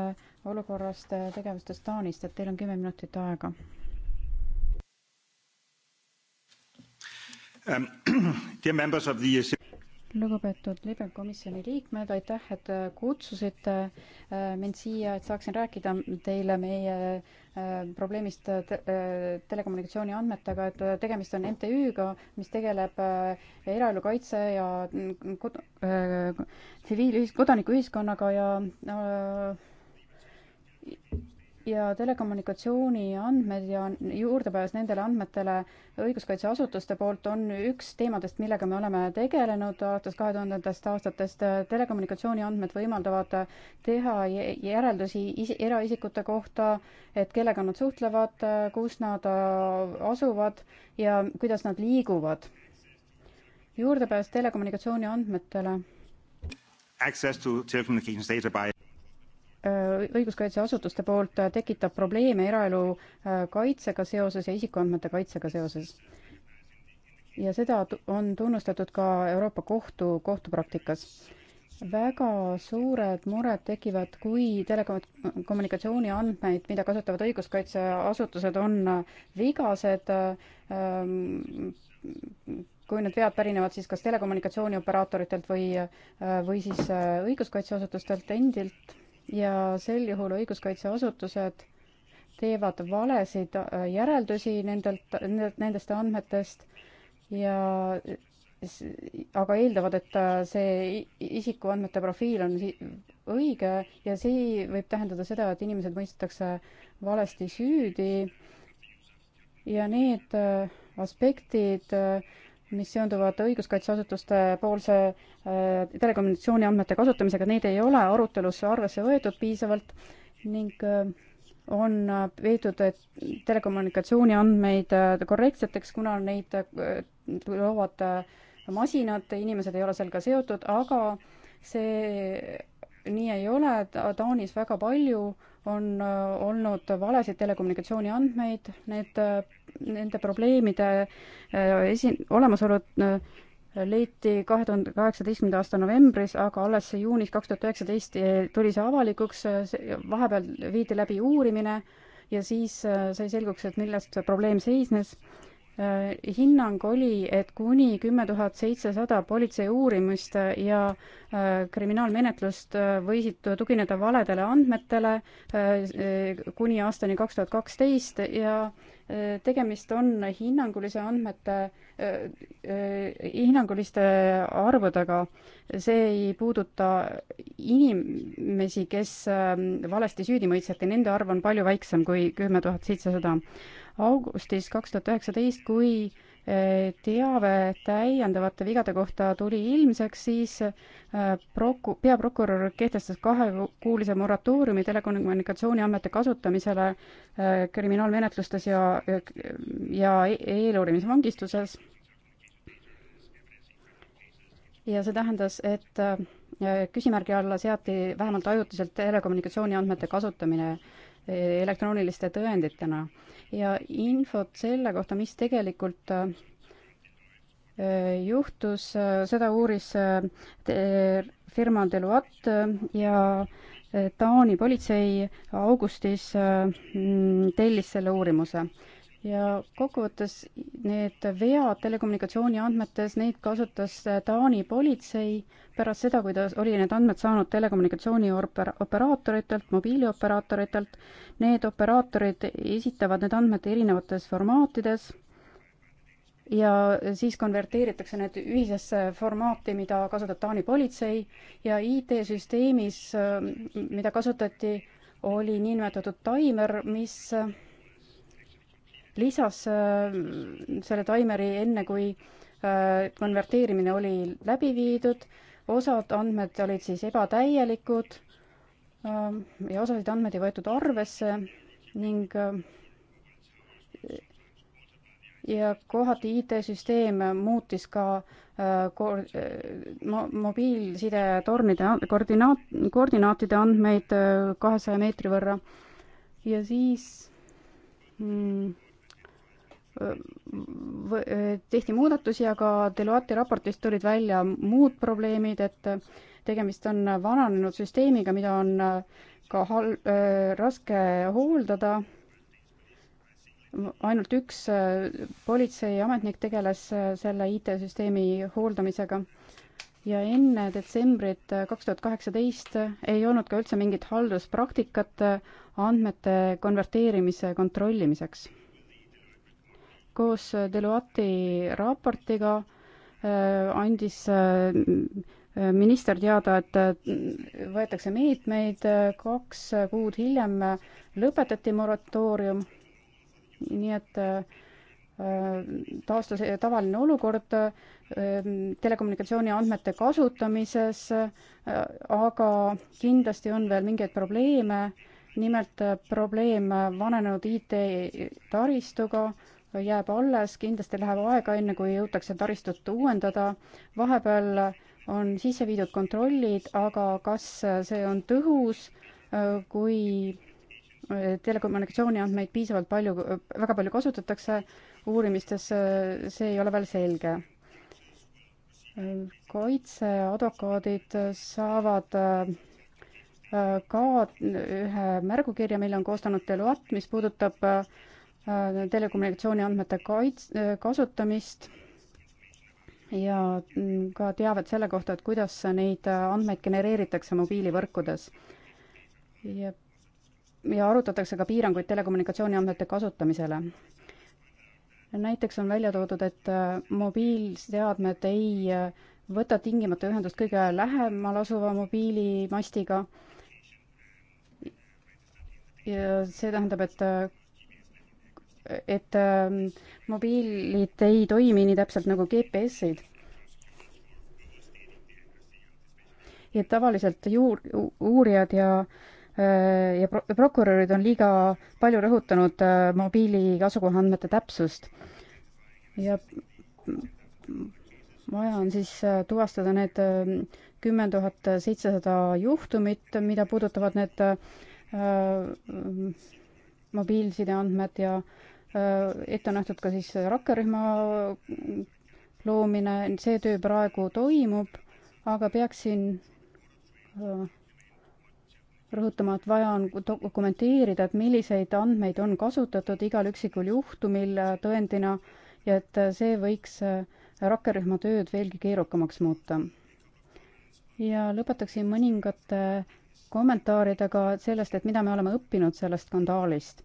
olukorrast tegevustest Taanist, et teil on kümme minutit aega um,. lugupeetud libekomisjoni liikmed, aitäh, et kutsusite äh, mind siia, et saaksin rääkida teile meie äh, probleemist äh, te telekommunikatsiooni andmetega, et tegemist on MTÜ-ga, mis tegeleb eraelu kaitse ja mm, kod-, tsiviilühis-, kodanikuühiskonnaga ja ja telekommunikatsiooni andmed ja juurdepääs nendele andmetele õiguskaitseasutuste poolt on üks teemadest, millega me oleme tegelenud alates kahe tuhandendast aastatest. telekommunikatsiooni andmed võimaldavad teha järeldusi eraisikute kohta, et kellega nad suhtlevad, kus nad äh, asuvad ja kuidas nad liiguvad. juurdepääs telekommunikatsiooni andmetele. Access to telecommunications data by Äh, õiguskaitseasutuste poolt äh, tekitab probleeme eraelu äh, kaitsega seoses ja isikuandmete kaitsega seoses. ja seda on tunnustatud ka Euroopa Kohtu kohtupraktikas. väga suured mured tekivad, kui telekommunikatsiooni andmeid, mida kasutavad õiguskaitseasutused, on vigased ähm, kui need vead pärinevad siis kas telekommunikatsioonioperaatoritelt või, või siis õiguskaitseasutustelt endilt ja sel juhul õiguskaitseasutused teevad valesid äh, järeldusi nendelt, nendest andmetest ja aga eeldavad, et äh, see isikuandmete profiil on õige ja see võib tähendada seda, et inimesed mõistetakse valesti süüdi ja need äh, aspektid äh, mis seonduvad õiguskaitseasutuste poolse äh, telekommunikatsiooni andmete kasutamisega, neid ei ole arutelus arvesse võetud piisavalt ning äh, on äh, peetud telekommunikatsiooni andmeid korrektseteks, kuna neid loovad masinad, inimesed ei ole sellega seotud, aga see nii ei ole, Taanis väga palju äh, on äh, olnud valesid telekommunikatsiooni andmeid, need, äh, nende probleemide äh, esi-, olemasolu leiti kahe tuhande kaheksateistkümnenda aasta novembris, aga alles juunis kaks tuhat üheksateist tuli see avalikuks, vahepeal viidi läbi uurimine ja siis sai selguks, et milles probleem seisnes Äh, hinnang oli, et kuni kümme tuhat seitsesada politsei uurimist ja äh, kriminaalmenetlust äh, võisid tugineda valedele andmetele kuni aastani kaks tuhat kaksteist ja tegemist on hinnangulise andmete, hinnanguliste arvudega. see ei puuduta inimesi, kes valesti süüdi mõisteti, nende arv on palju väiksem kui kümme tuhat seitsesada augustis kaks tuhat üheksateist, kui eh, teave täiendavate vigade kohta tuli ilmseks, siis eh, proku-, peaprokurör kehtestas kahekuulise moratooriumi telekommunikatsiooniandmete kasutamisele eh, kriminaalmenetlustes ja, ja eeluurimisvangistuses. ja see tähendas, et küsimärgi alla seati vähemalt ajutiselt telekommunikatsiooniandmete kasutamine elektrooniliste tõenditena ja infot selle kohta, mis tegelikult äh, juhtus, äh, seda uuris äh, firma Deloitte ja Taani politsei augustis mm, tellis selle uurimuse ja kokkuvõttes need vead telekommunikatsiooni andmetes, neid kasutas äh, Taani politsei pärast seda, kui ta oli need andmed saanud telekommunikatsiooni oper-, operaatoritelt, mobiilioperaatoritelt. Need operaatorid esitavad need andmed erinevates formaatides ja siis konverteeritakse need ühisesse formaati, mida kasutab Taani politsei ja IT-süsteemis, äh, mida kasutati, oli niinimetatud taimer, mis äh, lisas äh, selle taimeri enne, kui äh, konverteerimine oli läbi viidud, osad andmed olid siis ebatäielikud ähm, ja osasid andmeid ei võetud arvesse ning äh, ja kohati IT-süsteem muutis ka ko-, mo-, mobiilsidetornide koordinaat, koordinaatide andmeid kahesaja meetri võrra ja siis mm, tehti muudatusi, aga Deloitte raportist tulid välja muud probleemid, et tegemist on vananenud süsteemiga, mida on ka hal-, raske hooldada. ainult üks politseiametnik tegeles selle IT-süsteemi hooldamisega ja enne detsembrit kaks tuhat kaheksateist ei olnud ka üldse mingit halduspraktikat andmete konverteerimise kontrollimiseks koos Deloitte raportiga äh, andis äh, minister teada, et äh, võetakse meetmeid, kaks kuud hiljem lõpetati moratoorium, nii et taastus tavaline olukord telekommunikatsiooni andmete kasutamises, aga kindlasti on veel mingeid probleeme, nimelt probleem vananenud IT-taristuga, jääb alles, kindlasti läheb aega, enne kui jõutakse taristut uuendada, vahepeal on sisse viidud kontrollid, aga kas see on tõhus, kui telekommunikatsiooni andmeid piisavalt palju, väga palju kasutatakse uurimistes, see ei ole veel selge. kaitseadvokaadid saavad äh, ka ühe märgukirja, mille on koostanud Deloitte, mis puudutab äh, Äh, telekommunikatsiooni andmete kaits-, äh, kasutamist ja mm, ka teavet selle kohta, et kuidas neid äh, andmeid genereeritakse mobiilivõrkudes. ja, ja arutatakse ka piiranguid telekommunikatsiooni andmete kasutamisele näiteks on välja toodud, et mobiilseadmed ei võta tingimata ühendust kõige lähemal asuva mobiilimastiga. ja see tähendab, et et ähm, mobiilid ei toimi nii täpselt nagu GPS-id ja tavaliselt juur-, uurijad ja äh, ja pro-, prokurörid on liiga palju rõhutanud äh, mobiili asukohaandmete täpsust. ja vaja on siis äh, tuvastada need kümme tuhat seitsesada juhtumit, mida puudutavad need äh, mobiilsideandmed ja äh, Äh, ette on nähtud ka siis rakkerühma loomine, see töö praegu toimub, aga peaksin äh, rõhutama, et vaja on dokumenteerida, et milliseid andmeid on kasutatud igal üksikul juhtumil äh, tõendina ja et see võiks rakkerühma tööd veelgi keerukamaks muuta. ja lõpetaksin mõningate kommentaaridega sellest, et mida me oleme õppinud sellest skandaalist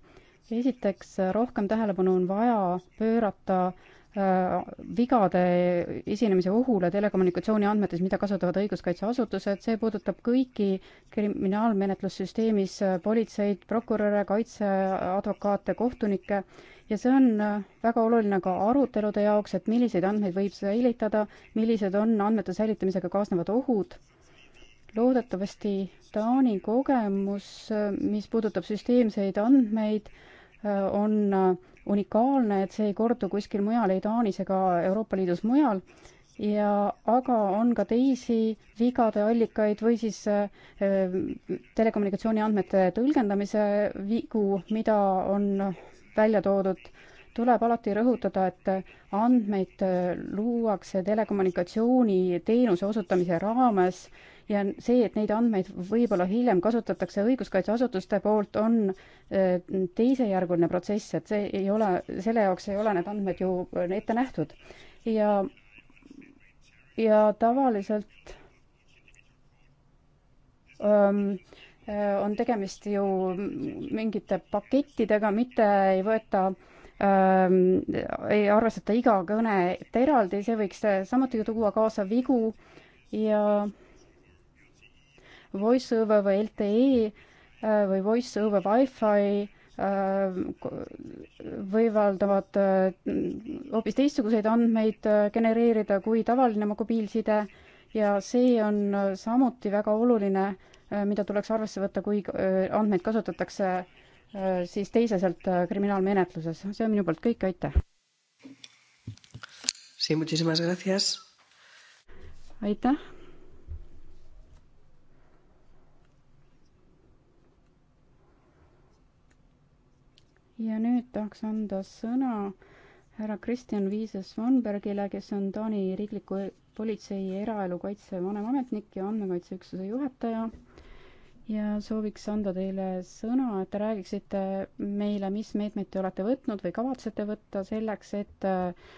esiteks, rohkem tähelepanu on vaja pöörata äh, vigade esinemise ohule telekommunikatsiooni andmetes, mida kasutavad õiguskaitseasutused, see puudutab kõiki kriminaalmenetlussüsteemis äh, politseid, prokuröre, kaitseadvokaate, kohtunikke ja see on äh, väga oluline ka arutelude jaoks, et milliseid andmeid võib säilitada, millised on andmete säilitamisega kaasnevad ohud. loodetavasti Taani kogemus, mis puudutab süsteemseid andmeid, Äh, on äh, unikaalne, et see ei kordu kuskil mujal, ei Taanis ega Euroopa Liidus mujal, ja aga on ka teisi vigade allikaid või siis äh, telekommunikatsiooni andmete tõlgendamise vigu, mida on välja toodud tuleb alati rõhutada, et andmeid luuakse telekommunikatsiooniteenuse osutamise raames ja see, et neid andmeid võib-olla hiljem kasutatakse õiguskaitseasutuste poolt, on äh, teisejärguline protsess, et see ei ole, selle jaoks ei ole need andmed ju ette nähtud. ja, ja tavaliselt öö, ähm, äh, on tegemist ju mingite pakettidega, mitte ei võeta öö, ähm, ei arvestata iga kõne eraldi, see võiks äh, samuti tuua kaasa vigu ja VoiceOver või LTE äh, või VoiceOver Wi-Fi äh, võimaldavad hoopis teistsuguseid andmeid genereerida kui tavaline mobiilside ja see on samuti väga oluline, mida tuleks arvesse võtta, kui andmeid kasutatakse Äh, siis teiseselt äh, kriminaalmenetluses. see on minu poolt kõik, aitäh! Sí, muchísimas gracias. aitäh! ja nüüd tahaks anda sõna härra Kristjan Viises Vanbergile, kes on Taani riikliku politsei eraelu kaitse vanemametnik ja andmekaitseüksuse juhataja ja sooviks anda teile sõna, et te räägiksite meile, mis meetmeid te olete võtnud või kavatsete võtta selleks, et äh,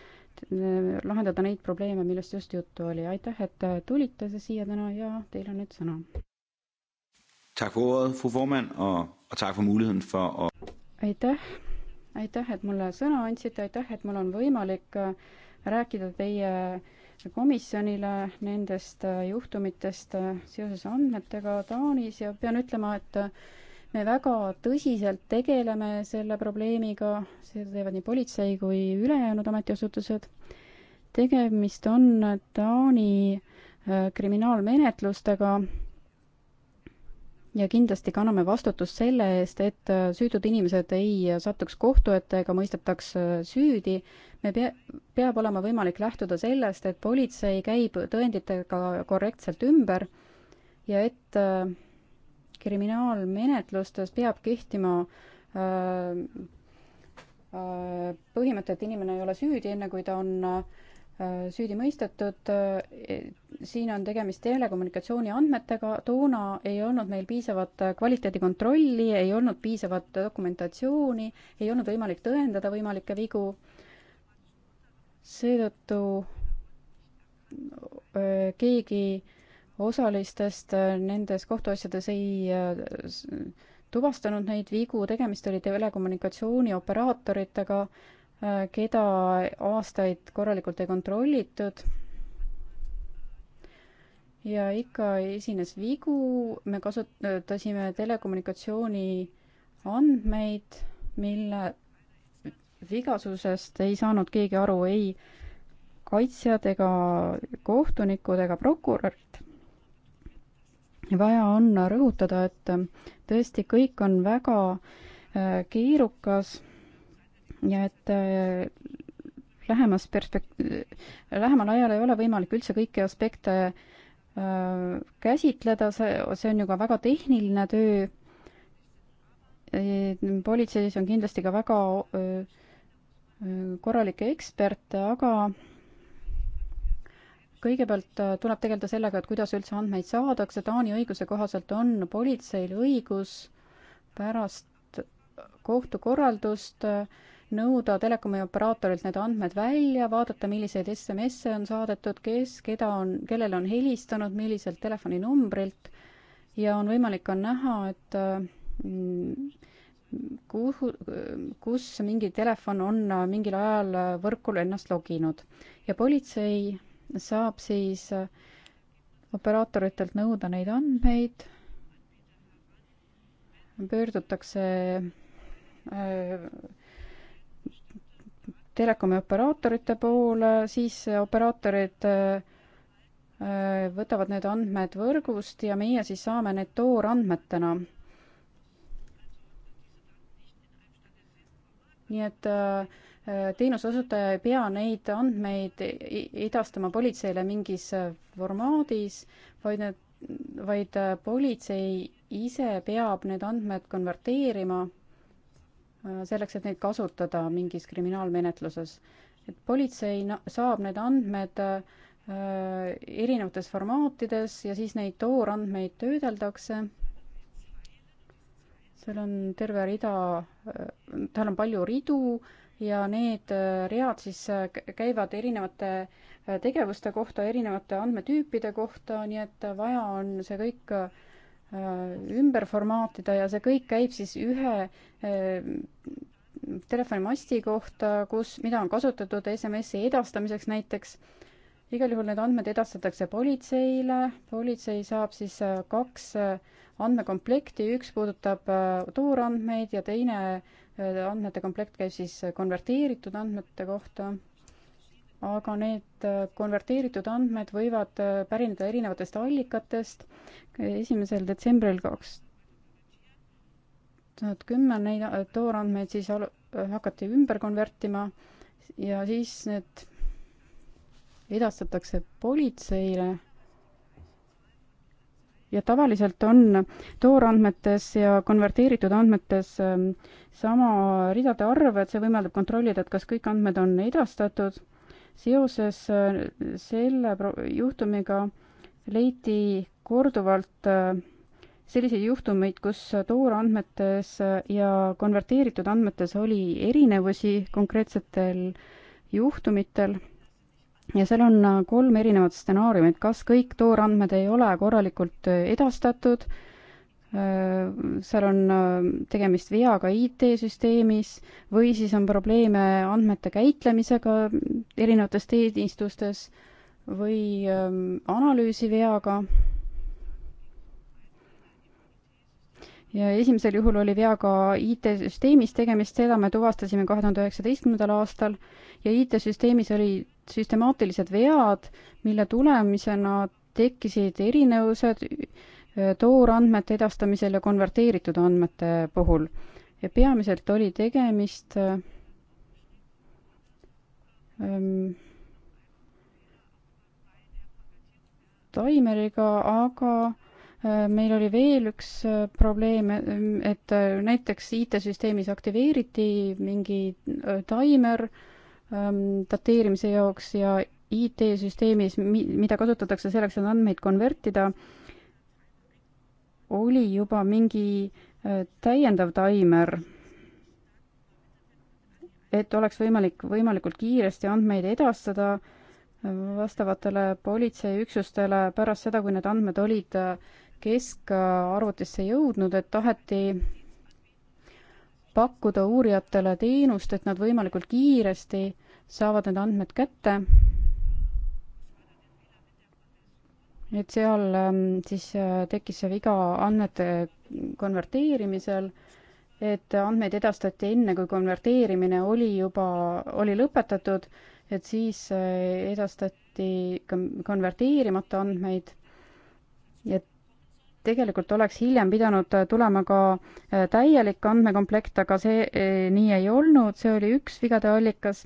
lahendada neid probleeme, millest just juttu oli. aitäh, et tulite siia täna ja teil on nüüd sõna. aitäh, aitäh, et mulle sõna andsite, aitäh, et mul on võimalik äh, rääkida teie komisjonile nendest äh, juhtumitest äh, seoses andmetega Taanis ja pean ütlema, et äh, me väga tõsiselt tegeleme selle probleemiga, seda teevad nii politsei kui ülejäänud ametiasutused. tegemist on Taani kriminaalmenetlustega ja kindlasti kanname vastutust selle eest, et äh, süütud inimesed ei satuks kohtu ette ega mõistetaks äh, süüdi. me pea, peab olema võimalik lähtuda sellest, et politsei käib tõenditega korrektselt ümber ja et äh, kriminaalmenetlustes peab kehtima põhimõte, et inimene ei ole süüdi, enne kui ta on äh, süüdi mõistetud. Eh, siin on tegemist telekommunikatsiooni andmetega, toona ei olnud meil piisavat kvaliteedikontrolli, ei olnud piisavat dokumentatsiooni, ei olnud võimalik tõendada võimalikke vigu. seetõttu eh, keegi osalistest eh, nendes kohtuasjades ei tuvastanud neid vigu, tegemist oli telekommunikatsiooni operaatoritega, Äh, keda aastaid korralikult ei kontrollitud. ja ikka esines vigu, me kasutasime telekommunikatsiooni andmeid, mille vigasusest ei saanud keegi aru, ei kaitsjad ega kohtunikud ega prokurörid. vaja on rõhutada, et tõesti kõik on väga äh, keerukas ja et äh, lähemas perspekt-, lähemal ajal ei ole võimalik üldse kõiki aspekte äh, käsitleda, see, see on ju ka väga tehniline töö. E, politseis on kindlasti ka väga korralikke eksperte, aga kõigepealt äh, tuleb tegeleda sellega, et kuidas üldse andmeid saadakse, Taani õiguse kohaselt on politseil õigus pärast kohtukorraldust äh, nõuda telekomioperaatorit need andmed välja, vaadata, milliseid SMS-e on saadetud, kes, keda on, kellele on helistanud, milliselt telefoninumbrilt ja on võimalik ka näha, et mm, kuhu, kus mingi telefon on äh, mingil ajal äh, võrkule ennast loginud ja politsei saab siis äh, operaatoritelt nõuda neid andmeid, pöördutakse öö, telekomi operaatorite poole, siis operaatorid äh, võtavad need andmed võrgust ja meie siis saame need toorandmetena. nii et äh, teenuseosutaja ei pea neid andmeid edastama politseile mingis formaadis, vaid need, vaid äh, politsei ise peab need andmed konverteerima Äh, selleks, et neid kasutada mingis kriminaalmenetluses. et politsei saab need andmed äh, erinevates formaatides ja siis neid toorandmeid töödeldakse. seal on terve rida, tal äh, on palju ridu ja need read siis käivad erinevate tegevuste kohta, erinevate andmetüüpide kohta, nii et vaja on see kõik Äh, ümber formaatida ja see kõik käib siis ühe äh, telefonimasti kohta, kus, mida on kasutatud SMS-i edastamiseks näiteks. igal juhul need andmed edastatakse politseile, politsei saab siis äh, kaks andmekomplekti, üks puudutab toorandmeid ja teine andmete komplekt käib siis konverteeritud andmete kohta aga need äh, konverteeritud andmed võivad äh, pärineda erinevatest allikatest. esimesel detsembril kaks tuhat kümme neid äh, toorandmeid siis al-, hakati ümber konvertima ja siis need edastatakse politseile. ja tavaliselt on toorandmetes ja konverteeritud andmetes ähm, sama ridade arv, et see võimaldab kontrollida, et kas kõik andmed on edastatud seoses äh, selle juhtumiga leiti korduvalt äh, selliseid juhtumeid, kus toorandmetes äh, ja konverteeritud andmetes oli erinevusi konkreetsetel juhtumitel ja seal on kolm erinevat stsenaariumit, kas kõik toorandmed ei ole korralikult edastatud äh,, seal on äh, tegemist veaga IT-süsteemis või siis on probleeme andmete käitlemisega erinevates teenistustes või ähm, analüüsiveaga. ja esimesel juhul oli veaga IT-süsteemis tegemist, seda me tuvastasime kahe tuhande üheksateistkümnendal aastal ja IT-süsteemis olid süstemaatilised vead, mille tulemisena tekkisid erinevused Äh, toorandmete edastamisel ja konverteeritud andmete puhul. ja peamiselt oli tegemist äh, ähm, taimeriga, aga äh, meil oli veel üks probleem, et näiteks IT-süsteemis aktiveeriti mingi taimer ähm, dateerimise jaoks ja IT-süsteemis, mida kasutatakse selleks, et andmeid konvertida, oli juba mingi äh, täiendav taimer, et oleks võimalik võimalikult kiiresti andmeid edastada äh, vastavatele politseiüksustele pärast seda, kui need andmed olid äh, keskarvutisse jõudnud, et taheti pakkuda uurijatele teenust, et nad võimalikult kiiresti saavad need andmed kätte et seal ähm, siis äh, tekkis see viga andmete konverteerimisel, et andmeid edastati enne, kui konverteerimine oli juba, oli lõpetatud, et siis äh, edastati konverteerimata andmeid ja tegelikult oleks hiljem pidanud äh, tulema ka täielik andmekomplekt, aga see eh, nii ei olnud, see oli üks vigade allikas.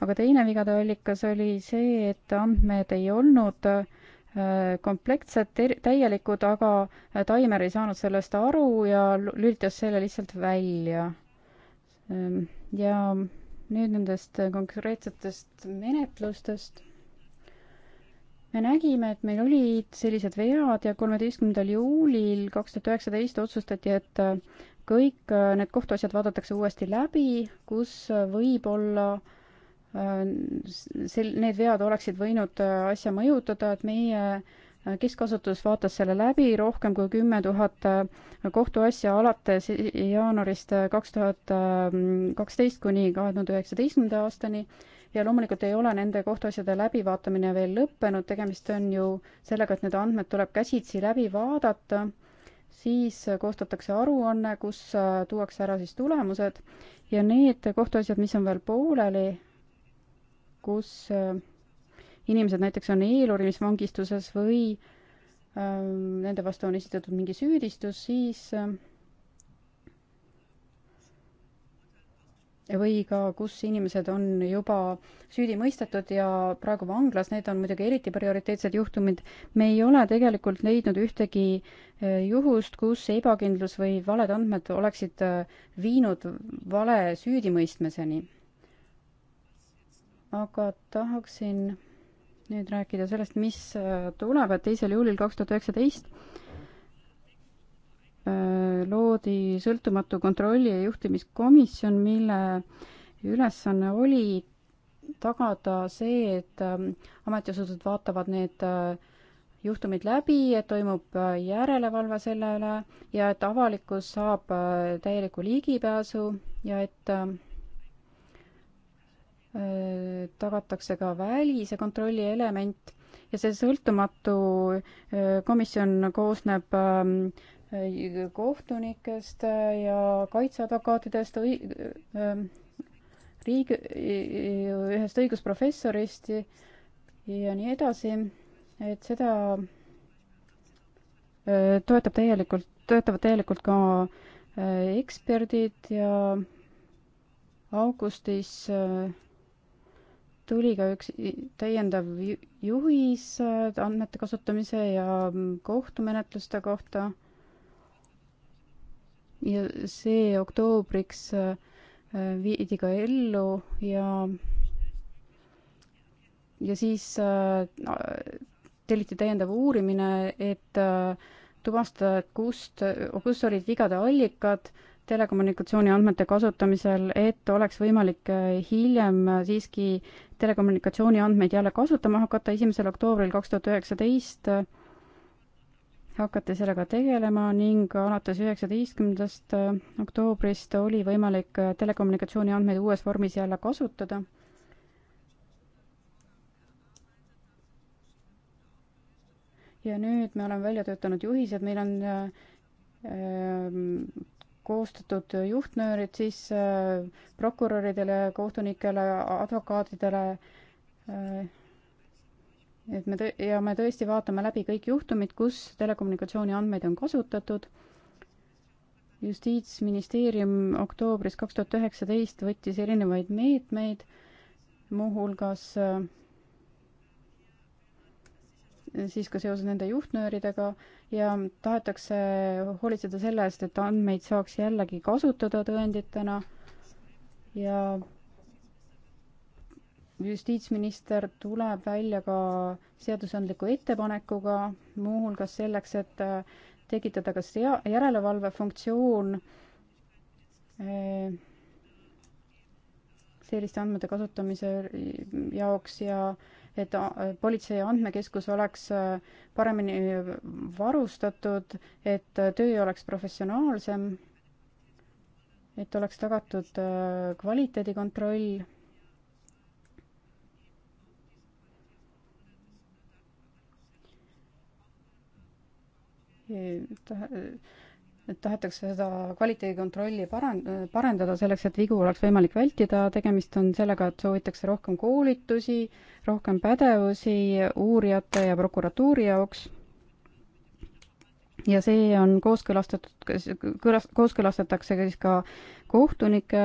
aga teine vigade allikas oli see, et andmed ei olnud eh, komplekssed, täielikud, aga taimer ei saanud sellest aru ja lülitas selle lihtsalt välja. Ehm, ja nüüd nendest konkreetsetest menetlustest. me nägime, et meil olid sellised vead ja kolmeteistkümnendal juulil kaks tuhat üheksateist otsustati, et kõik need kohtuasjad vaadatakse uuesti läbi, kus võib olla äh, Äh, sel-, need vead oleksid võinud äh, asja mõjutada, et meie äh, keskasutus vaatas selle läbi rohkem kui kümme tuhat kohtuasja alates jaanuarist kaks tuhat ähm, kaksteist kuni kahe tuhande üheksateistkümnenda aastani ja loomulikult ei ole nende kohtuasjade läbivaatamine veel lõppenud, tegemist on ju sellega, et need andmed tuleb käsitsi läbi vaadata, siis koostatakse aruanne, kus tuuakse ära siis tulemused ja need kohtuasjad, mis on veel pooleli, kus äh, inimesed näiteks on eeluurimisvangistuses või äh, nende vastu on esitatud mingi süüdistus, siis äh, või ka, kus inimesed on juba süüdi mõistetud ja praegu vanglas, need on muidugi eriti prioriteetsed juhtumid. me ei ole tegelikult leidnud ühtegi juhust, kus ebakindlus või valed andmed oleksid viinud vale süüdimõistmiseni aga tahaksin nüüd rääkida sellest, mis äh, tuleb, et teisel juulil kaks tuhat üheksateist äh, loodi sõltumatu kontrolli- ja juhtimiskomisjon, mille ülesanne oli tagada see, et äh, ametiasutused vaatavad need juhtumid läbi, et toimub järelevalve selle üle ja et avalikkus saab täieliku ligipääsu ja et tagatakse ka välise kontrolli element ja see sõltumatu komisjon koosneb ähm, kohtunikest äh, ja kaitseadvokaatidest, ähm, riigi, ühest õigusprofessorist ja nii edasi, et seda toetab täielikult, töötavad täielikult ka äh, eksperdid ja augustis äh, tuli ka üks täiendav juhis äh, andmete kasutamise ja mm, kohtumenetluste kohta. ja see oktoobriks äh, äh, viidi ka ellu ja, ja siis telliti täiendav uurimine, et tuvastada, et kust, kus olid vigade allikad telekommunikatsiooni andmete kasutamisel, et oleks võimalik äh, hiljem äh, siiski telekommunikatsiooni andmeid jälle kasutama hakata, esimesel oktoobril kaks tuhat üheksateist äh, hakati sellega tegelema ning alates üheksateistkümnendast oktoobrist oli võimalik telekommunikatsiooni andmeid uues vormis jälle kasutada ja nüüd me oleme välja töötanud juhised, meil on äh, koostatud juhtnöörid siis äh, prokuröridele, kohtunikele, advokaatidele, äh, et me tõ-, ja me tõesti vaatame läbi kõik juhtumid, kus telekommunikatsiooni andmeid on kasutatud. justiitsministeerium oktoobris kaks tuhat üheksateist võttis erinevaid meetmeid, muuhulgas äh, siis ka seoses nende juhtnööridega äh, ja tahetakse hoolitseda selle eest, et andmeid saaks jällegi kasutada tõenditena ja justiitsminister tuleb välja ka seadusandliku ettepanekuga, muuhulgas selleks, et tekitada ka sea-, järelevalve funktsioon eh, selliste andmete kasutamise jaoks ja äh, et äh, politsei andmekeskus oleks äh, paremini äh, varustatud, et töö oleks professionaalsem, et oleks tagatud kvaliteedikontroll. et et tahetakse seda kvaliteedikontrolli paran-, parendada selleks, et vigu oleks võimalik vältida, tegemist on sellega, et soovitakse rohkem koolitusi, rohkem pädevusi uurijate ja prokuratuuri jaoks ja see on kooskõlastatud, kõlas, kooskõlastatakse siis ka kohtunike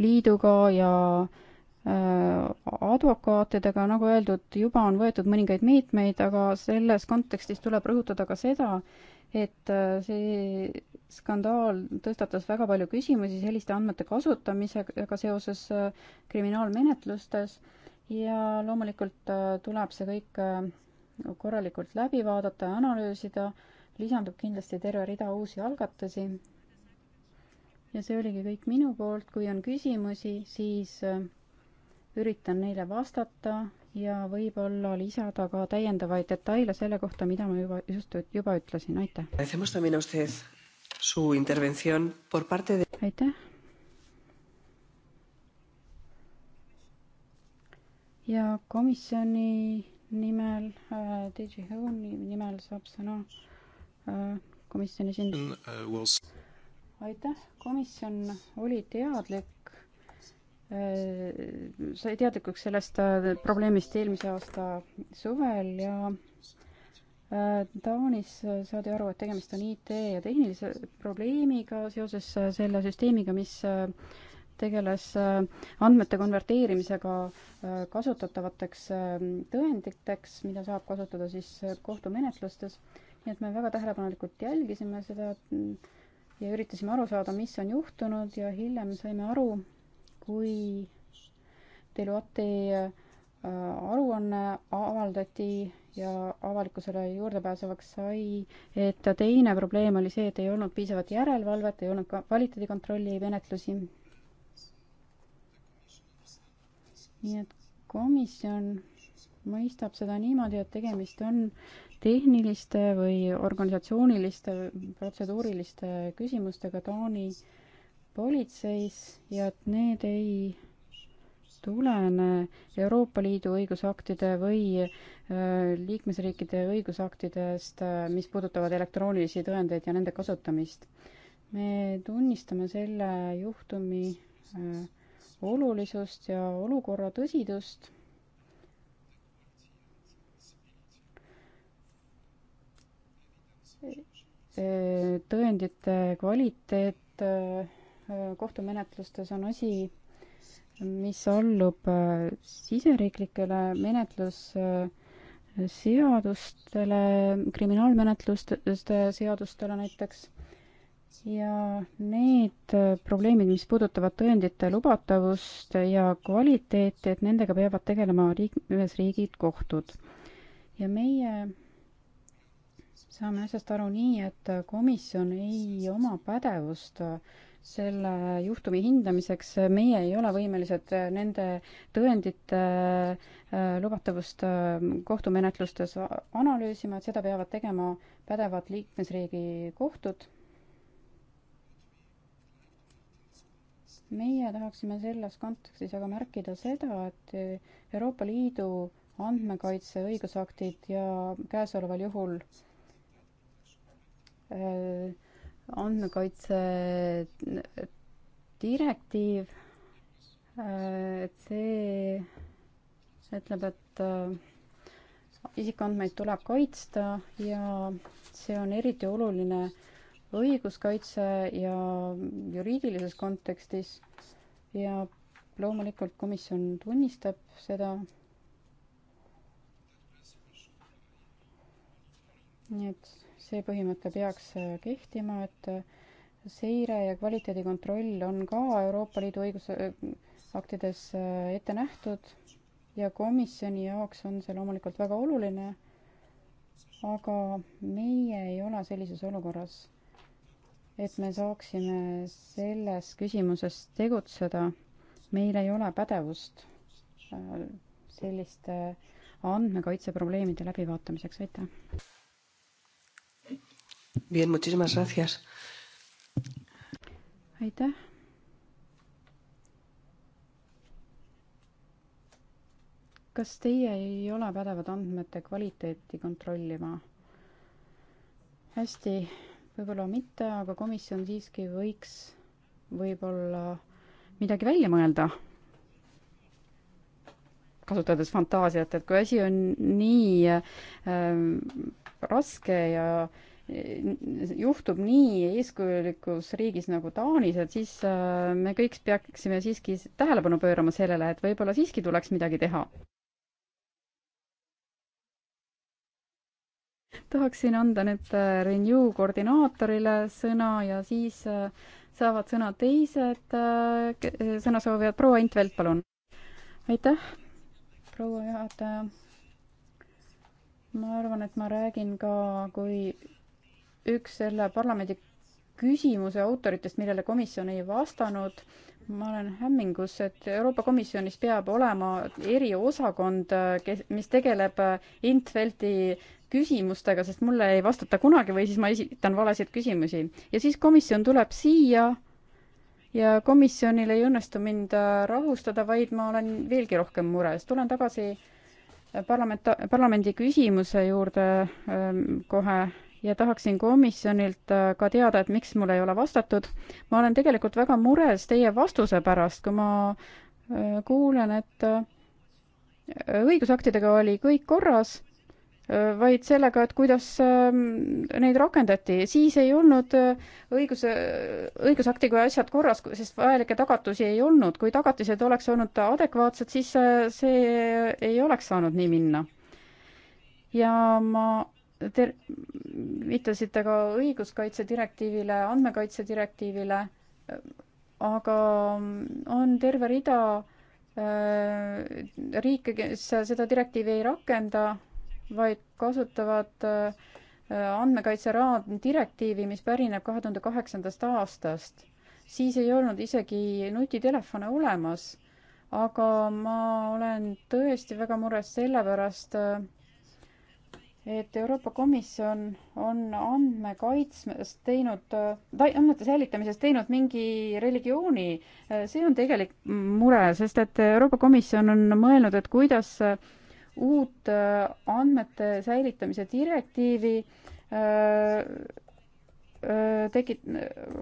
liiduga ja äh, Äh, advokaatidega, nagu öeldud, juba on võetud mõningaid meetmeid, aga selles kontekstis tuleb rõhutada ka seda, et äh, see skandaal tõstatas väga palju küsimusi selliste andmete kasutamisega seoses äh, kriminaalmenetlustes ja loomulikult tuleb see kõik korralikult läbi vaadata ja analüüsida, lisandub kindlasti terve rida uusi algatusi. ja see oligi kõik minu poolt, kui on küsimusi, siis üritan neile vastata ja võib-olla lisada ka täiendavaid detaile selle kohta, mida ma juba, just juba ütlesin, aitäh. aitäh. ja komisjoni nimel äh,, DJ Home'i nimel saab sõna äh, komisjoni esindaja. Äh, aitäh, komisjon oli teadlik Äh, sai teadlikuks sellest äh, probleemist eelmise aasta suvel ja äh, Taanis saadi aru, et tegemist on IT ja tehnilise probleemiga seoses selle süsteemiga, mis tegeles andmete konverteerimisega kasutatavateks tõenditeks, mida saab kasutada siis kohtumenetlustes. nii et me väga tähelepanelikult jälgisime seda mm, ja üritasime aru saada, mis on juhtunud ja hiljem saime aru, kui Deloitte äh, aruanne avaldati ja avalikkusele juurdepääsevaks sai, et teine probleem oli see, et ei olnud piisavat järelevalvet, ei olnud ka kvaliteedikontrolli menetlusi. nii et komisjon mõistab seda niimoodi, et tegemist on tehniliste või organisatsiooniliste protseduuriliste küsimustega Taani äh, politseis ja et need ei tulene Euroopa Liidu õigusaktide või äh, liikmesriikide õigusaktidest, äh, mis puudutavad elektroonilisi tõendeid ja nende kasutamist. me tunnistame selle juhtumi äh, olulisust ja olukorra tõsidust. tõendite kvaliteet kohtumenetlustes on asi, mis allub siseriiklikele menetlus seadustele, kriminaalmenetluste seadustele näiteks, ja need probleemid, mis puudutavad tõendite lubatavust ja kvaliteeti, et nendega peavad tegelema riik, ühes riigid kohtud. ja meie saame asjast aru nii, et komisjon ei oma pädevust äh, selle juhtumi hindamiseks, meie ei ole võimelised nende tõendite äh, lubatavust äh, kohtumenetlustes analüüsima, et seda peavad tegema pädevad liikmesriigi kohtud. meie tahaksime selles kontekstis aga märkida seda, et äh, Euroopa Liidu andmekaitse õigusaktid ja käesoleval juhul äh, andmekaitse direktiiv, äh, et see ütleb, et äh, isikuandmeid tuleb kaitsta ja see on eriti oluline õiguskaitse ja juriidilises kontekstis ja loomulikult komisjon tunnistab seda. nii et see põhimõte peaks kehtima, et seire ja kvaliteedikontroll on ka Euroopa Liidu õigusaktides äh, ette nähtud ja komisjoni jaoks on see loomulikult väga oluline. aga meie ei ole sellises olukorras, et me saaksime selles küsimuses tegutseda. meil ei ole pädevust äh, selliste andmekaitseprobleemide läbivaatamiseks, aitäh. Bien, muchísimas gracias. aitäh. kas teie ei ole pädevad andmete kvaliteeti kontrollima? hästi, võib-olla mitte, aga komisjon siiski võiks võib-olla midagi välja mõelda. kasutades fantaasiat, et kui asi on nii äh, raske ja äh, juhtub nii eeskujulikus riigis nagu Taanis, et siis äh, me kõik peaksime siiski tähelepanu pöörama sellele, et võib-olla siiski tuleks midagi teha. tahaksin anda nüüd äh, Renew koordinaatorile sõna ja siis äh, saavad sõna teised sõnasoovijad. proua Intvelt, palun. aitäh, proua juhataja ma arvan, et ma räägin ka kui üks selle parlamendi küsimuse autoritest, millele komisjon ei vastanud. ma olen hämmingus, et Euroopa Komisjonis peab olema eriosakond, kes, mis tegeleb Intvelti küsimustega, sest mulle ei vastata kunagi või siis ma esitan valesid küsimusi. ja siis komisjon tuleb siia ja komisjonil ei õnnestu mind rahustada, vaid ma olen veelgi rohkem mures. tulen tagasi parlamenta-, parlamendi küsimuse juurde öö, ähm, kohe ja tahaksin komisjonilt äh, ka teada, et miks mulle ei ole vastatud. ma olen tegelikult väga mures teie vastuse pärast, kui ma äh, kuulen, et äh, õigusaktidega oli kõik korras, vaid sellega, et kuidas ähm, neid rakendati. siis ei olnud õiguse, õigusaktiga asjad korras, sest vajalikke tagatusi ei olnud. kui tagatised oleks olnud adekvaatsed, siis see ei oleks saanud nii minna. ja ma Te viitasite ka õiguskaitse direktiivile, andmekaitse direktiivile, aga on terve rida äh, riike, kes seda direktiivi ei rakenda, vaid kasutavad äh, andmekaitse raamdirektiivi, mis pärineb kahe tuhande kaheksandast aastast. siis ei olnud isegi nutitelefone olemas, aga ma olen tõesti väga mures selle pärast, äh, et Euroopa Komisjon on andmekaitsmest teinud, andmete säilitamisest teinud mingi religiooni. see on tegelik mure, sest et Euroopa Komisjon on mõelnud, et kuidas uut andmete säilitamise direktiivi äh, äh, tekit-,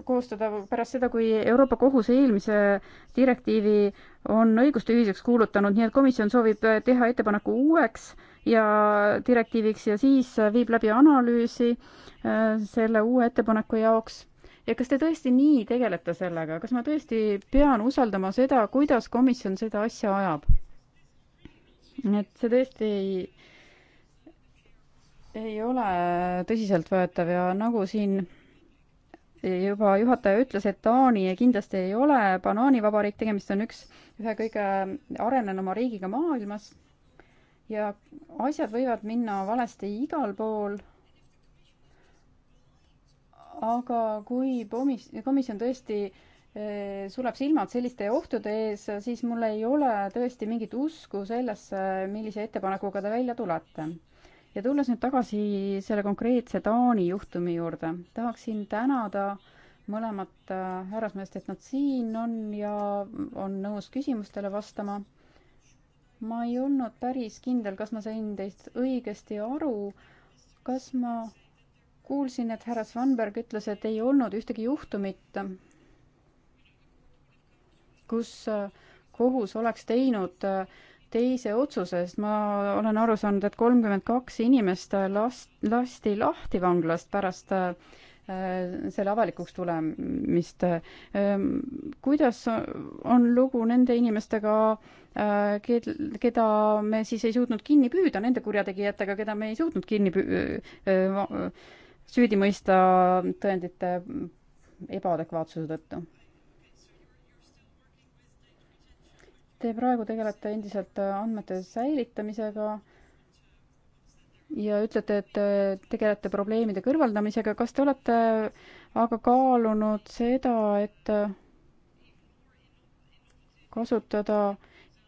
koostada pärast seda, kui Euroopa Kohus eelmise direktiivi on õigustühiseks kuulutanud, nii et komisjon soovib teha ettepaneku uueks äh, ja direktiiviks ja siis viib läbi analüüsi äh, selle uue ettepaneku jaoks ja kas te tõesti nii tegelete sellega, kas ma tõesti pean usaldama seda, kuidas komisjon seda asja ajab? et see tõesti ei, ei ole tõsiseltvõetav ja nagu siin juba juhataja ütles, et Taani kindlasti ei ole banaanivabariik, tegemist on üks, ühe kõige arenenuma riigiga maailmas ja asjad võivad minna valesti igal pool. aga kui komis-, komisjon tõesti eh, suleb silmad selliste ohtude ees, siis mul ei ole tõesti mingit usku sellesse, millise ettepanekuga te välja tulete. ja tulles nüüd tagasi selle konkreetse Taani juhtumi juurde, tahaksin tänada mõlemat äh, härrasmeest, et nad siin on ja on nõus küsimustele vastama ma ei olnud päris kindel, kas ma sain teist õigesti aru. kas ma kuulsin, et härra Svanberg ütles, et ei olnud ühtegi juhtumit, kus äh, kohus oleks teinud äh, teise otsuse, sest ma olen aru saanud, et kolmkümmend kaks inimest äh, last, lasti lahti vanglast pärast äh, Äh, selle avalikuks tulemist. Ähm, kuidas on lugu nende inimestega, äh, keda me siis ei suutnud kinni püüda, nende kurjategijatega, keda me ei suutnud kinni püü-, äh, süüdi mõista tõendite ebaadekvaatsuse tõttu? Te praegu tegelete endiselt andmete säilitamisega ja ütlete, et äh, tegelete probleemide kõrvaldamisega, kas te olete äh, aga kaalunud seda, et äh, kasutada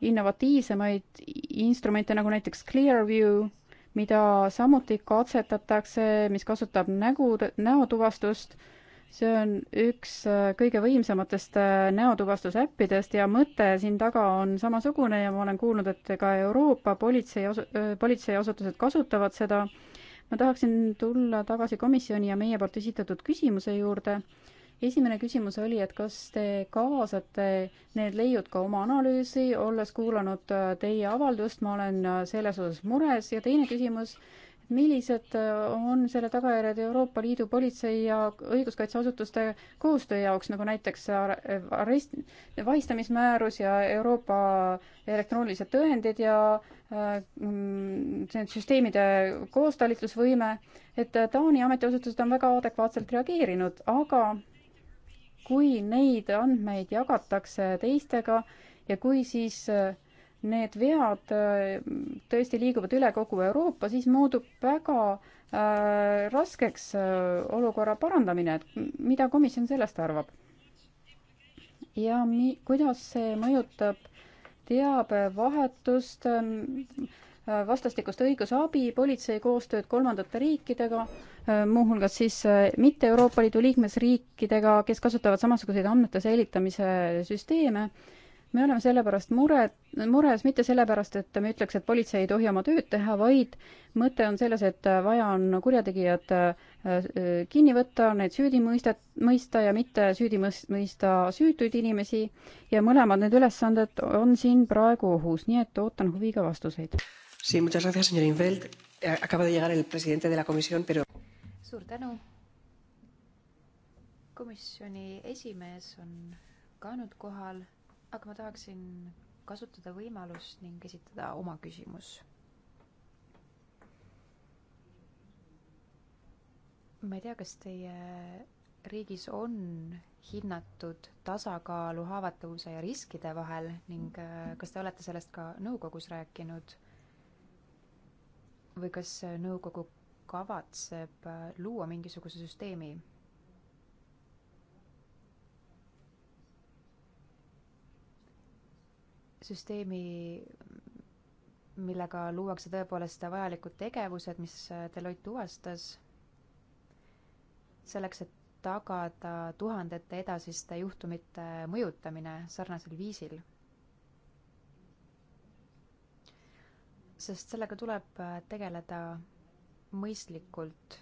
innovatiivsemaid instrumente, nagu näiteks Clearview, mida samuti katsetatakse, mis kasutab nägu, näotuvastust, see on üks äh, kõige võimsamatest äh, näotuvastusäppidest ja mõte siin taga on samasugune ja ma olen kuulnud, et ka Euroopa politsei, politseiasutused kasutavad seda. ma tahaksin tulla tagasi komisjoni ja meie poolt esitatud küsimuse juurde. esimene küsimus oli, et kas te kaasate need leiud ka oma analüüsi, olles kuulanud äh, teie avaldust, ma olen selles osas mures ja teine küsimus millised äh, on selle tagajärjed Euroopa Liidu politsei ja õiguskaitseasutuste koostöö jaoks, nagu näiteks arest-, vahistamismäärus ja Euroopa elektroonilised tõendid ja äh, mm, see süsteemide koostalitlusvõime, et Taani ametiasutused on väga adekvaatselt reageerinud, aga kui neid andmeid jagatakse teistega ja kui siis äh, need vead äh, tõesti liiguvad üle kogu Euroopa, siis moodub väga äh, raskeks äh, olukorra parandamine, et mida komisjon sellest arvab? ja mi-, kuidas see mõjutab teabevahetust ähm, äh,, vastastikust õigusabi, politsei koostööd kolmandate riikidega, äh, muuhulgas siis äh, mitte Euroopa Liidu liikmesriikidega, kes kasutavad samasuguseid andmete säilitamise süsteeme äh,, me oleme sellepärast mure, mures mitte sellepärast, et me ütleks, et politsei ei tohi oma tööd teha, vaid mõte on selles, et vaja on kurjategijad äh, kinni võtta, neid süüdi mõista, mõista ja mitte süüdi mõista süütuid inimesi ja mõlemad need ülesanded on siin praegu ohus, nii et ootan huviga vastuseid. Eh, suur tänu. komisjoni esimees on ka nüüd kohal aga ma tahaksin kasutada võimalust ning esitada oma küsimus. ma ei tea, kas teie riigis on hinnatud tasakaalu haavatavuse ja riskide vahel ning äh, kas te olete sellest ka nõukogus rääkinud? või kas nõukogu kavatseb äh, luua mingisuguse süsteemi süsteemi, millega luuakse tõepoolest vajalikud tegevused, mis Deloitte tuvastas, selleks, et tagada tuhandete edasiste juhtumite mõjutamine sarnasel viisil. sest sellega tuleb tegeleda mõistlikult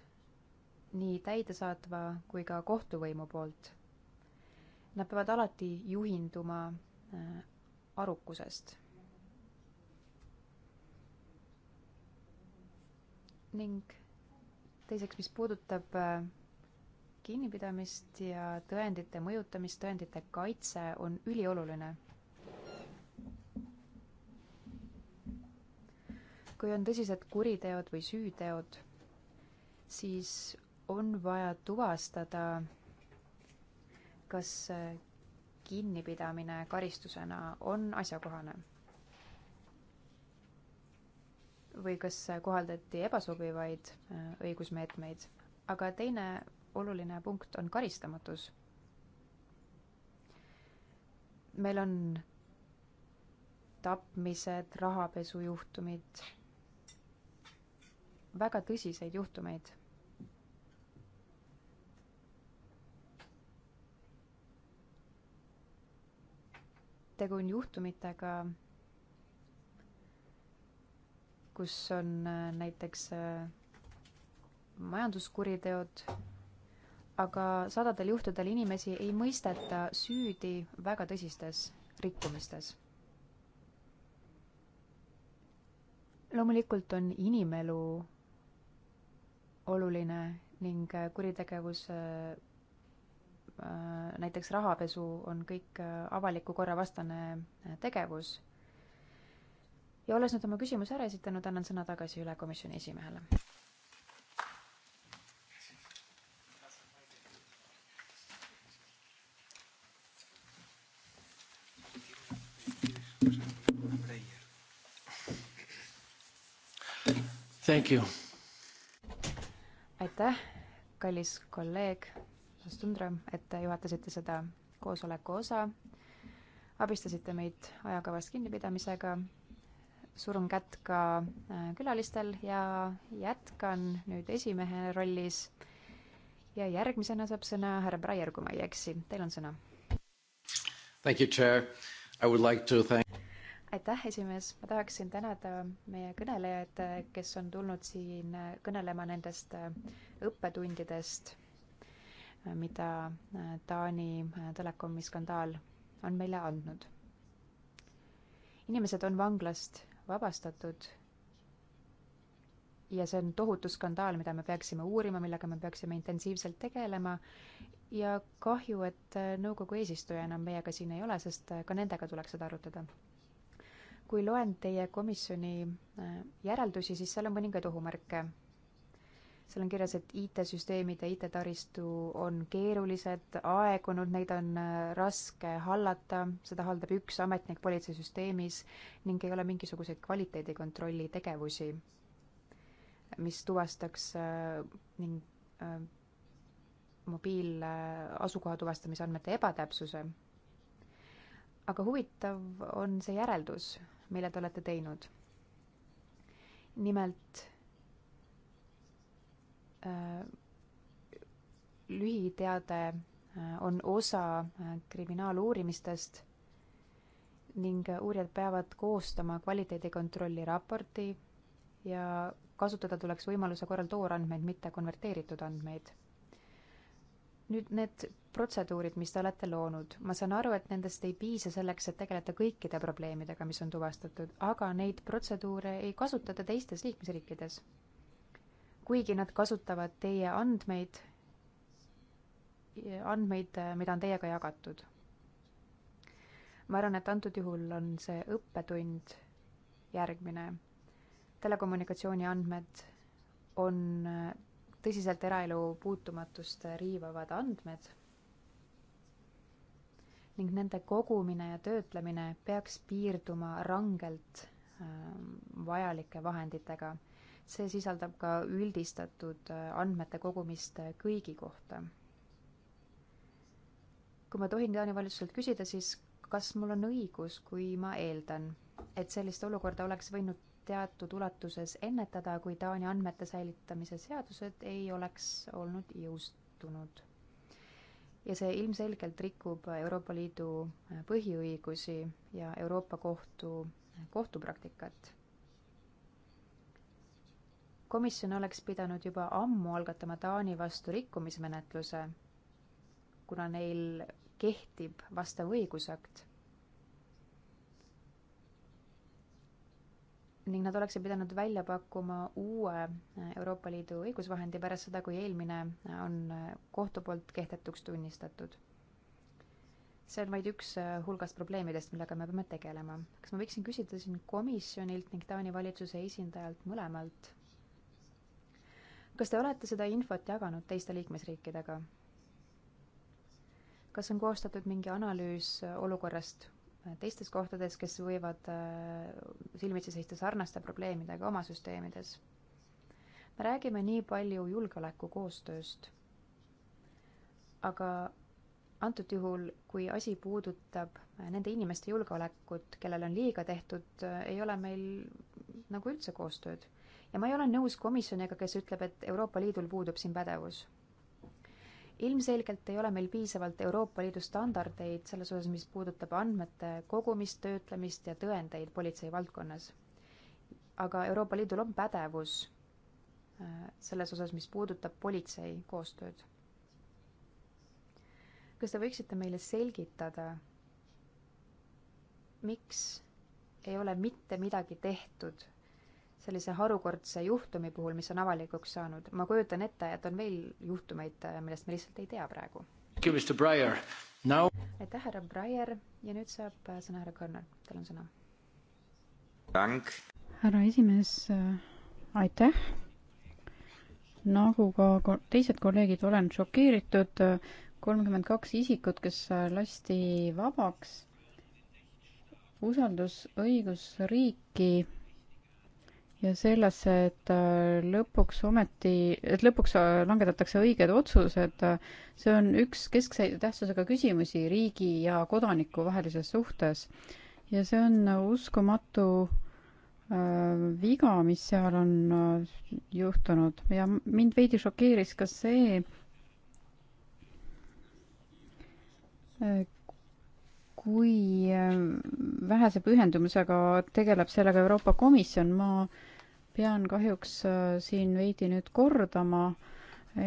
nii täidesaatva kui ka kohtuvõimu poolt. Nad peavad alati juhinduma arukusest. ning teiseks, mis puudutab äh, kinnipidamist ja tõendite mõjutamist, tõendite kaitse on ülioluline kui on tõsised kuriteod või süüteod, siis on vaja tuvastada, kas äh, kinnipidamine karistusena on asjakohane? või kas kohaldati ebasobivaid äh, õigusmeetmeid? aga teine oluline punkt on karistamatus. meil on tapmised, rahapesujuhtumid, väga tõsiseid juhtumeid tegu on juhtumitega, kus on äh, näiteks äh, majanduskuriteod, aga sadadel juhtudel inimesi ei mõisteta süüdi väga tõsistes rikkumistes. loomulikult on inimelu oluline ning äh, kuritegevuse Äh, näiteks rahapesu on kõik äh, avaliku korra vastane äh, tegevus. ja olles nüüd oma küsimuse ära esitanud, annan sõna tagasi üle komisjoni esimehele. aitäh, kallis kolleeg Carlos Tundra, et te juhatasite seda koosoleku osa, abistasite meid ajakavast kinnipidamisega, surun kätt ka äh, külalistel ja jätkan nüüd esimehe rollis. ja järgmisena saab sõna härra Breyer, kui ma ei eksi, teil on sõna. Thank you, chair. I would like to thank aitäh, esimees, ma tahaksin tänada meie kõnelejaid, kes on tulnud siin kõnelema nendest äh, õppetundidest mida äh, Taani äh, telekomi skandaal on meile andnud. inimesed on vanglast vabastatud ja see on tohutu skandaal, mida me peaksime uurima, millega me peaksime intensiivselt tegelema ja kahju, et äh, nõukogu eesistuja enam meiega siin ei ole, sest ka nendega tuleks seda arutada. kui loen teie komisjoni järeldusi, siis seal on mõningaid ohumärke seal on kirjas, et IT-süsteemid ja IT-taristu on keerulised, aegunud, neid on äh, raske hallata, seda haldab üks ametnik politseisüsteemis ning ei ole mingisuguseid kvaliteedikontrolli tegevusi, mis tuvastaks äh, ning äh, mobiilasukoha tuvastamise andmete ebatäpsuse. aga huvitav on see järeldus, mille te olete teinud. nimelt Äh, lühiteade äh, on osa äh, kriminaaluurimistest ning uurijad peavad koostama kvaliteedikontrolli raporti ja kasutada tuleks võimaluse korral toorandmeid, mitte konverteeritud andmeid. nüüd need protseduurid, mis te olete loonud, ma saan aru, et nendest ei piisa selleks, et tegeleda kõikide probleemidega, mis on tuvastatud, aga neid protseduure ei kasutata teistes liikmesriikides kuigi nad kasutavad teie andmeid, andmeid, äh, mida on teiega jagatud. ma arvan, et antud juhul on see õppetund järgmine. telekommunikatsiooni andmed on äh, tõsiselt eraelu puutumatust riivavad andmed ning nende kogumine ja töötlemine peaks piirduma rangelt ähm, vajalike vahenditega see sisaldab ka üldistatud äh, andmete kogumist äh, kõigi kohta. kui ma tohin Taani valitsuselt küsida, siis kas mul on õigus, kui ma eeldan, et sellist olukorda oleks võinud teatud ulatuses ennetada, kui Taani andmete säilitamise seadused ei oleks olnud jõustunud? ja see ilmselgelt rikub Euroopa Liidu äh, põhiõigusi ja Euroopa Kohtu kohtupraktikat komisjon oleks pidanud juba ammu algatama Taani vastu rikkumismenetluse, kuna neil kehtib vastav õigusakt. ning nad oleksid pidanud välja pakkuma uue Euroopa Liidu õigusvahendi pärast seda, kui eelmine on kohtu poolt kehtetuks tunnistatud. see on vaid üks hulgast probleemidest, millega me peame tegelema. kas ma võiksin küsida siin komisjonilt ning Taani valitsuse esindajalt mõlemalt kas te olete seda infot jaganud teiste liikmesriikidega? kas on koostatud mingi analüüs olukorrast teistes kohtades, kes võivad äh, silmitsi seista sarnaste probleemidega oma süsteemides? me räägime nii palju julgeolekukoostööst, aga antud juhul, kui asi puudutab nende inimeste julgeolekut, kellel on liiga tehtud, äh, ei ole meil nagu üldse koostööd ja ma ei ole nõus komisjoniga, kes ütleb, et Euroopa Liidul puudub siin pädevus. ilmselgelt ei ole meil piisavalt Euroopa Liidu standardeid selles osas, mis puudutab andmete kogumist, töötlemist ja tõendeid politsei valdkonnas. aga Euroopa Liidul on pädevus äh, selles osas, mis puudutab politsei koostööd. kas te võiksite meile selgitada, miks ei ole mitte midagi tehtud sellise harukordse juhtumi puhul, mis on avalikuks saanud, ma kujutan ette, et on veel juhtumeid, äh, millest me lihtsalt ei tea praegu. Now... aitäh, härra Breyer ja nüüd saab äh, sõna härra Körner, teil on sõna. härra esimees, äh, aitäh. nagu ka teised kolleegid, olen šokeeritud, kolmkümmend kaks isikut, kes lasti vabaks. usaldus õigusriiki ja sellesse, et äh, lõpuks ometi, et lõpuks äh, langetatakse õiged otsused, äh, see on üks keskse tähtsusega küsimusi riigi ja kodaniku vahelises suhtes. ja see on uskumatu äh, viga, mis seal on äh, juhtunud ja mind veidi šokeeris ka see äh,, kui vähese pühendumisega tegeleb sellega Euroopa Komisjon, ma pean kahjuks äh, siin veidi nüüd kordama,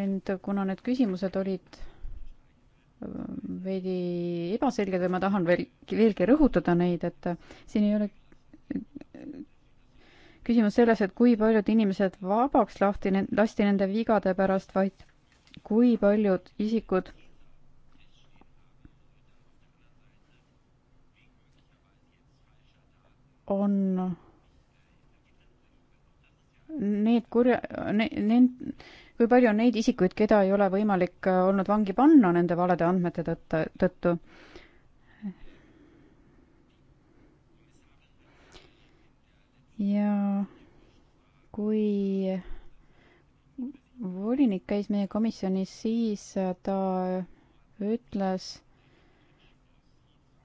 ent kuna need küsimused olid äh, veidi ebaselged ja ma tahan veel, veelgi rõhutada neid, et äh, siin ei ole küsimus selles, et kui paljud inimesed vabaks lahti, lasti nende vigade pärast, vaid kui paljud isikud on need kurja ne,, need, kui palju on neid isikuid, keda ei ole võimalik äh, olnud vangi panna nende valede andmete tõttu, tõttu. ja kui volinik käis meie komisjonis, siis äh, ta ütles,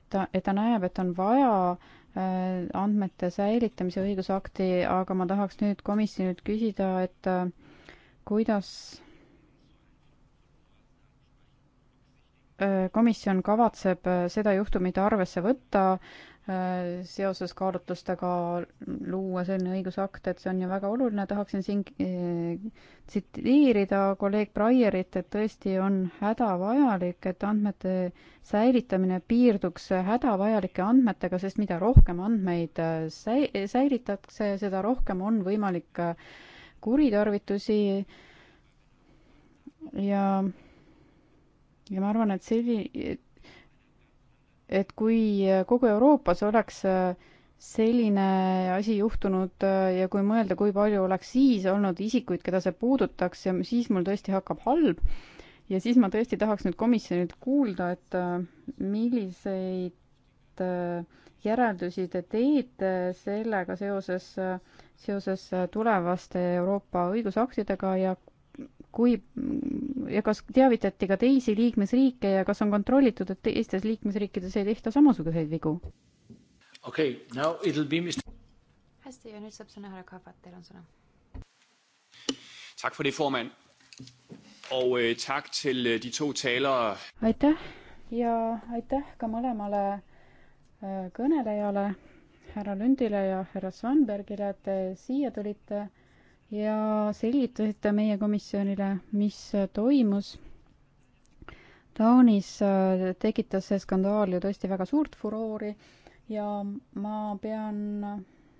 ta, et ta näeb, et on vaja Äh, andmete säilitamise õigusakti, aga ma tahaks nüüd komisjonilt küsida, et äh, kuidas äh, komisjon kavatseb seda juhtumit arvesse võtta Äh, seoses kaalutlustega luua selline õigusakt, et see on ju väga oluline, tahaksin siin äh, tsiteerida kolleeg Breierit, et tõesti on hädavajalik, et andmete säilitamine piirduks hädavajalike andmetega, sest mida rohkem andmeid äh, säi-, säilitakse, seda rohkem on võimalik kuritarvitusi ja ja ma arvan, et selli-, et kui äh, kogu Euroopas oleks äh, selline asi juhtunud äh, ja kui mõelda, kui palju oleks siis olnud isikuid, keda see puudutaks ja siis mul tõesti hakkab halb. ja siis ma tõesti tahaks nüüd komisjonilt kuulda, et milliseid järeldusi te teete sellega seoses, seoses tulevaste Euroopa õigusaktidega ja kui ja kas teavitati ka teisi liikmesriike ja kas on kontrollitud, et teistes liikmesriikides ei tehta samasuguseid vigu? okei okay,, now it will be mis-. hästi ja nüüd saab sõna härra Kabat, teil on sõna. Tak for det, formand. Og øh, tak til øh, de to talere. Aitäh ja aitäh ka mõlemale äh, kõnelejale, härra Lündile ja härra Svanbergile, et te siia tulite ja selgitasite meie komisjonile, mis toimus. Taanis äh, tekitas see skandaal ju tõesti väga suurt furoori ja ma pean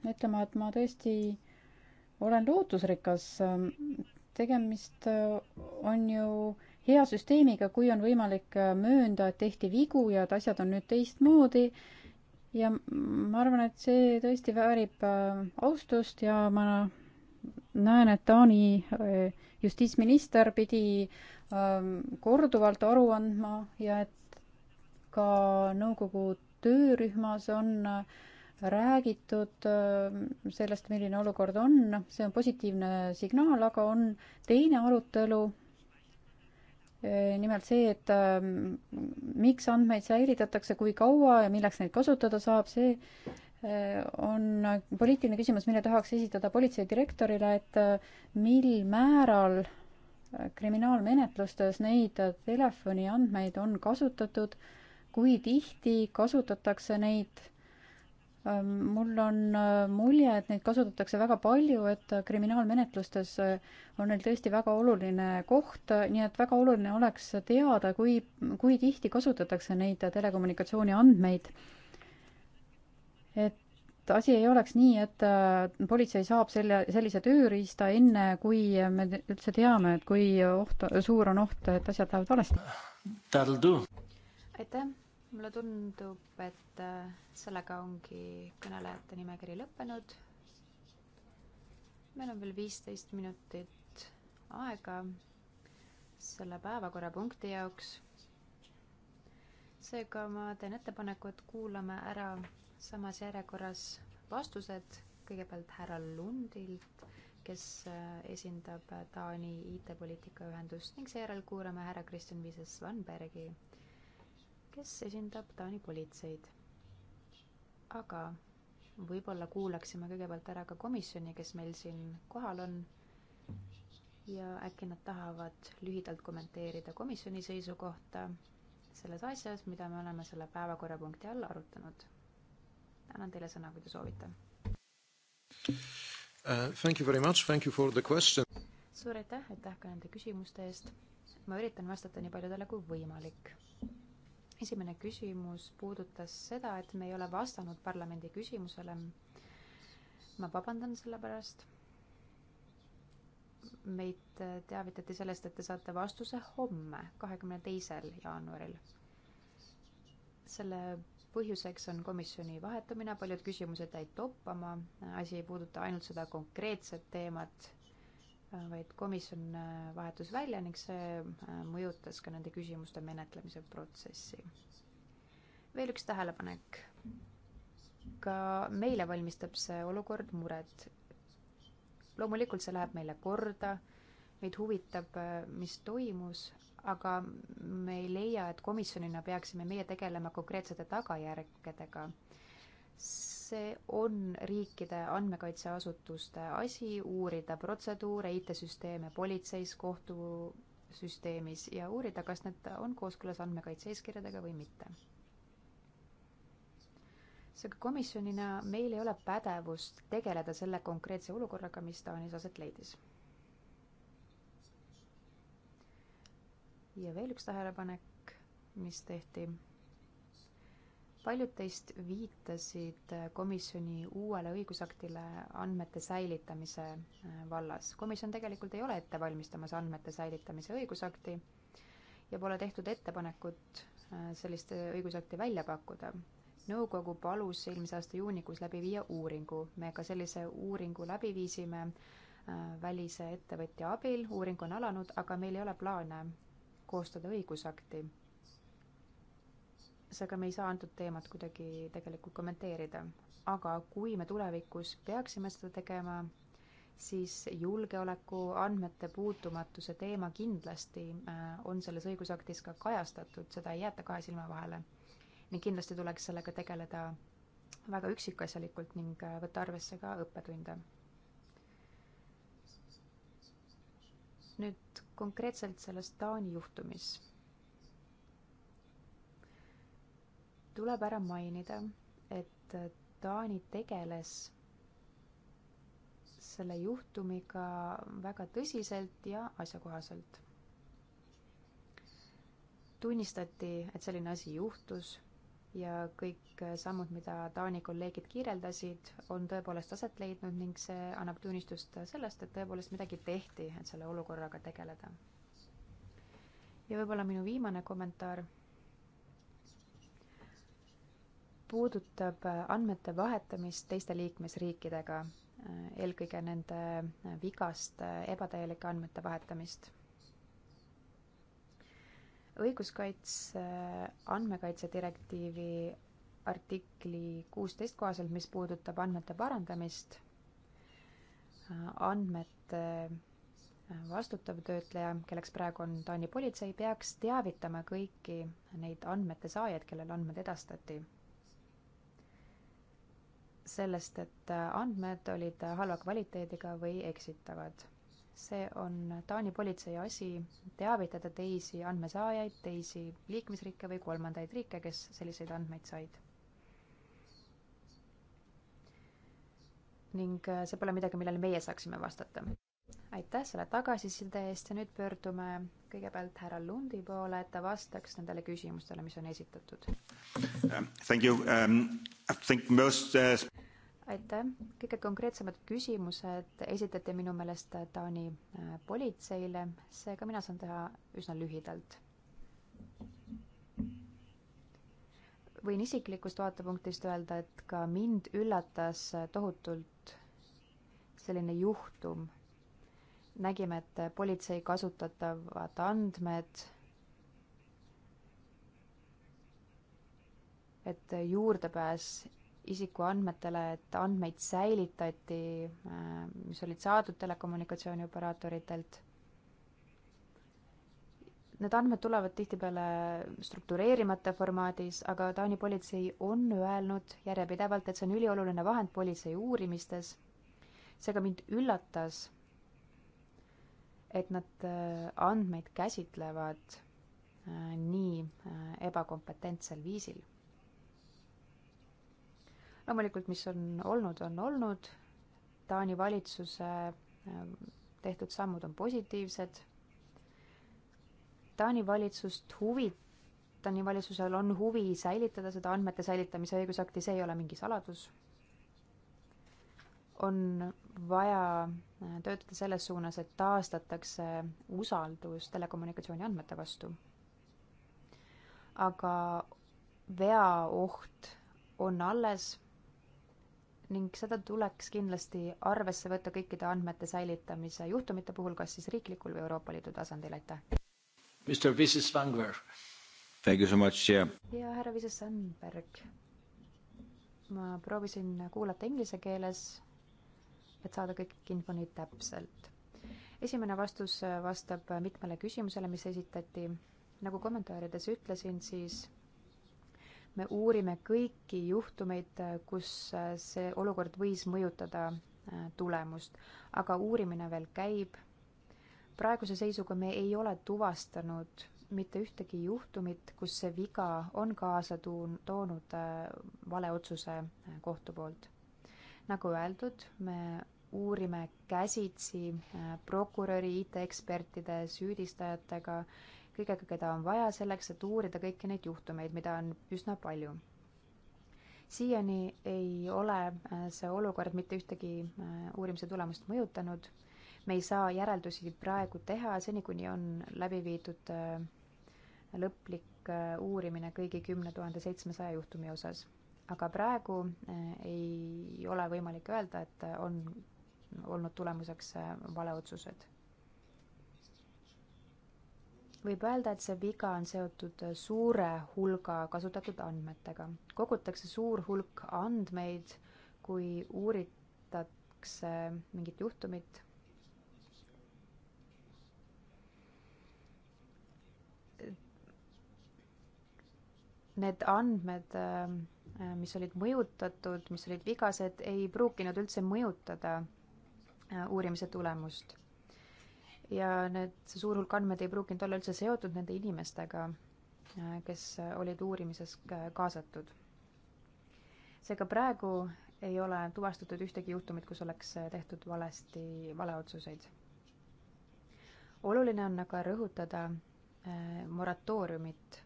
ütlema, et ma tõesti olen lootusrikas. tegemist äh, on ju hea süsteemiga, kui on võimalik äh, möönda, et tehti vigu ja et asjad on nüüd teistmoodi ja ma arvan, et see tõesti väärib austust ja ma näen, et Taani eh, justiitsminister pidi ähm, korduvalt aru andma ja et ka nõukogu töörühmas on äh, räägitud äh, sellest, milline olukord on, see on positiivne signaal, aga on teine arutelu, eh, nimelt see, et ähm, miks andmeid säilitatakse, kui kaua ja milleks neid kasutada saab, see on poliitiline küsimus, mille tahaks esitada politseidirektorile, et äh, mil määral äh, kriminaalmenetlustes neid telefoniandmeid on kasutatud, kui tihti kasutatakse neid. Ähm, mul on äh, mulje, et neid kasutatakse väga palju, et kriminaalmenetlustes on neil tõesti väga oluline koht, nii et väga oluline oleks teada, kui, kui tihti kasutatakse neid telekommunikatsiooni andmeid et asi ei oleks nii, et äh, politsei saab selle, sellise tööriista enne, kui me üldse teame, et kui oht, suur on oht, et asjad lähevad valesti. aitäh, mulle tundub, et äh, sellega ongi kõnelejate nimekiri lõppenud. meil on veel viisteist minutit aega selle päevakorrapunkti jaoks seega ma teen ettepaneku, et kuulame ära samas järjekorras vastused kõigepealt härra Lundilt, kes äh, esindab äh, Taani IT-poliitika ühendust ning seejärel kuulame härra Kristjan Viises Vanbergi, kes esindab Taani politseid. aga võib-olla kuulaksime kõigepealt ära ka komisjoni, kes meil siin kohal on ja äkki nad tahavad lühidalt kommenteerida komisjoni seisukohta selles asjas, mida me oleme selle päevakorrapunkti all arutanud annan teile sõna, kui te soovite uh,. Thank you very much, thank you for the question. suur aitäh, aitäh ka nende küsimuste eest. ma üritan vastata nii paljudele kui võimalik. esimene küsimus puudutas seda, et me ei ole vastanud parlamendi küsimusele. ma vabandan selle pärast meid teavitati sellest, et te saate vastuse homme, kahekümne teisel jaanuaril. selle põhjuseks on komisjoni vahetamine, paljud küsimused jäid toppama, asi ei puuduta ainult seda konkreetset teemat, vaid komisjon äh, vahetus välja ning see äh, mõjutas ka nende küsimuste menetlemise protsessi. veel üks tähelepanek. ka meile valmistab see olukord muret. loomulikult see läheb meile korda, meid huvitab, äh, mis toimus, aga me ei leia, et komisjonina peaksime meie tegelema konkreetsete tagajärgedega. see on riikide andmekaitseasutuste asi uurida protseduure, IT-süsteeme politseis, kohtusüsteemis ja uurida, kas need on kooskõlas andmekaitse eeskirjadega või mitte. seega komisjonina meil ei ole pädevust tegeleda selle konkreetse olukorraga, mis Taanis aset leidis ja veel üks tähelepanek, mis tehti. paljud teist viitasid komisjoni uuele õigusaktile andmete säilitamise äh, vallas. komisjon tegelikult ei ole ette valmistamas andmete säilitamise õigusakti ja pole tehtud ettepanekut äh, sellist õigusakti välja pakkuda. nõukogu palus eelmise aasta juunikuus läbi viia uuringu, me ka sellise uuringu läbi viisime äh, välise ettevõtja abil, uuring on alanud, aga meil ei ole plaane koostada õigusakti. seega me ei saa antud teemat kuidagi tegelikult kommenteerida, aga kui me tulevikus peaksime seda tegema, siis julgeolekuandmete puutumatuse teema kindlasti äh, on selles õigusaktis ka kajastatud, seda ei jäeta kahe silma vahele. ning kindlasti tuleks sellega tegeleda väga üksikasjalikult ning äh, võtta arvesse ka õppetunde. nüüd konkreetselt selles Taani juhtumis tuleb ära mainida, et Taani tegeles selle juhtumiga väga tõsiselt ja asjakohaselt. tunnistati, et selline asi juhtus ja kõik sammud, mida Taani kolleegid kirjeldasid, on tõepoolest aset leidnud ning see annab tunnistust sellest, et tõepoolest midagi tehti, et selle olukorraga tegeleda. ja võib-olla minu viimane kommentaar puudutab andmete vahetamist teiste liikmesriikidega, eelkõige nende vigaste ebatäielike andmete vahetamist õiguskaitse, andmekaitse direktiivi artikli kuusteist kohaselt, mis puudutab andmete parandamist, andmete vastutav töötleja, kelleks praegu on Taani politsei, peaks teavitama kõiki neid andmete saajaid, kellele andmed edastati. sellest, et andmed olid halva kvaliteediga või eksitavad see on Taani politsei asi teavitada teisi andmesaajaid, teisi liikmesriike või kolmandaid riike, kes selliseid andmeid said. ning äh, see pole midagi, millele meie saaksime vastata. aitäh selle tagasiside eest ja nüüd pöördume kõigepealt härra Lundi poole, et ta vastaks nendele küsimustele, mis on esitatud. Thank you um,, I think most uh aitäh, kõige konkreetsemad küsimused esitati minu meelest Taani äh, politseile, seega mina saan teha üsna lühidalt. võin isiklikust vaatepunktist öelda, et ka mind üllatas äh, tohutult selline juhtum. nägime, et politsei kasutatavad andmed, et juurdepääs isikuandmetele, et andmeid säilitati, äh, mis olid saadud telekommunikatsioonioperaatoritelt. Need andmed tulevad tihtipeale struktureerimata formaadis, aga Taani politsei on öelnud järjepidevalt, et see on ülioluline vahend politsei uurimistes. seega mind üllatas, et nad äh, andmeid käsitlevad äh, nii ebakompetentsel viisil loomulikult, mis on olnud, on olnud. Taani valitsuse ähm, tehtud sammud on positiivsed. Taani valitsust huvi, Taani valitsusel on huvi säilitada seda andmete säilitamise õigusakti, see ei ole mingi saladus. on vaja äh, töötada selles suunas, et taastatakse usaldus telekommunikatsiooni andmete vastu. aga veaoht on alles ning seda tuleks kindlasti arvesse võtta kõikide andmete säilitamise juhtumite puhul, kas siis riiklikul või Euroopa Liidu tasandil, aitäh. Mr Vises Vangver. Thank you so much, yeah. ja härra Vises Sandberg. ma proovisin kuulata inglise keeles, et saada kõik info nii täpselt. esimene vastus vastab mitmele küsimusele, mis esitati. nagu kommentaarides ütlesin, siis me uurime kõiki juhtumeid, kus äh, see olukord võis mõjutada äh, tulemust, aga uurimine veel käib. praeguse seisuga me ei ole tuvastanud mitte ühtegi juhtumit, kus see viga on kaasa tuun-, toonud äh, valeotsuse kohtu poolt. nagu öeldud, me uurime käsitsi prokuröri, IT-ekspertide, süüdistajatega kõigega, keda on vaja selleks, et uurida kõiki neid juhtumeid, mida on üsna palju. siiani ei ole äh, see olukord mitte ühtegi äh, uurimise tulemust mõjutanud. me ei saa järeldusi praegu teha seni, kuni on läbi viidud äh, lõplik uurimine kõigi kümne tuhande seitsmesaja juhtumi osas. aga praegu ei ole võimalik öelda, et on olnud tulemuseks valeotsused võib öelda, et see viga on seotud äh, suure hulga kasutatud andmetega. kogutakse suur hulk andmeid, kui uuritakse mingit juhtumit. Need andmed, äh, mis olid mõjutatud, mis olid vigased, ei pruukinud üldse mõjutada äh, uurimise tulemust ja need, see suur hulk andmeid ei pruukinud olla üldse seotud nende inimestega, äh, kes olid uurimises äh, kaasatud. seega praegu ei ole tuvastatud ühtegi juhtumit, kus oleks äh, tehtud valesti valeotsuseid. oluline on aga rõhutada moratooriumit.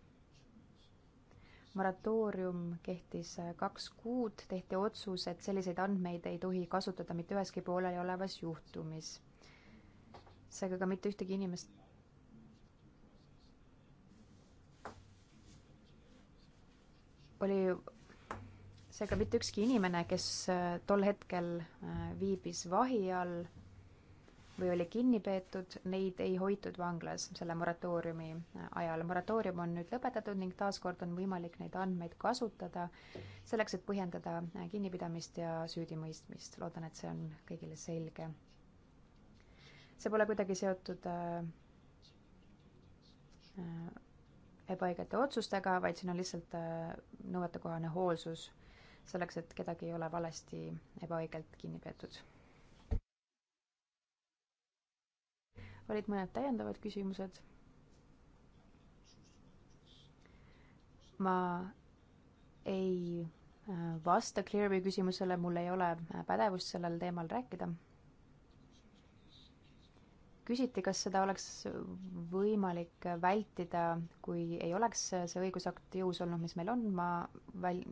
moratoorium kehtis kaks kuud, tehti otsus, et selliseid andmeid ei tohi kasutada mitte üheski pooleliolevas juhtumis seega ka mitte ühtegi inimest. oli, seega mitte ükski inimene, kes äh, tol hetkel äh, viibis vahi all või oli kinni peetud, neid ei hoitud vanglas selle moratooriumi äh, ajal. moratoorium on nüüd lõpetatud ning taaskord on võimalik neid andmeid kasutada selleks, et põhjendada kinnipidamist ja süüdimõistmist. loodan, et see on kõigile selge see pole kuidagi seotud äh, äh, ebaõigete otsustega, vaid siin on lihtsalt äh, nõuetekohane hoolsus selleks, et kedagi ei ole valesti ebaõigelt kinni peetud. olid mõned täiendavad küsimused? ma ei vasta Clearview küsimusele, mul ei ole pädevust sellel teemal rääkida küsiti, kas seda oleks võimalik vältida, kui ei oleks see õigusakt jõus olnud, mis meil on, ma väl-,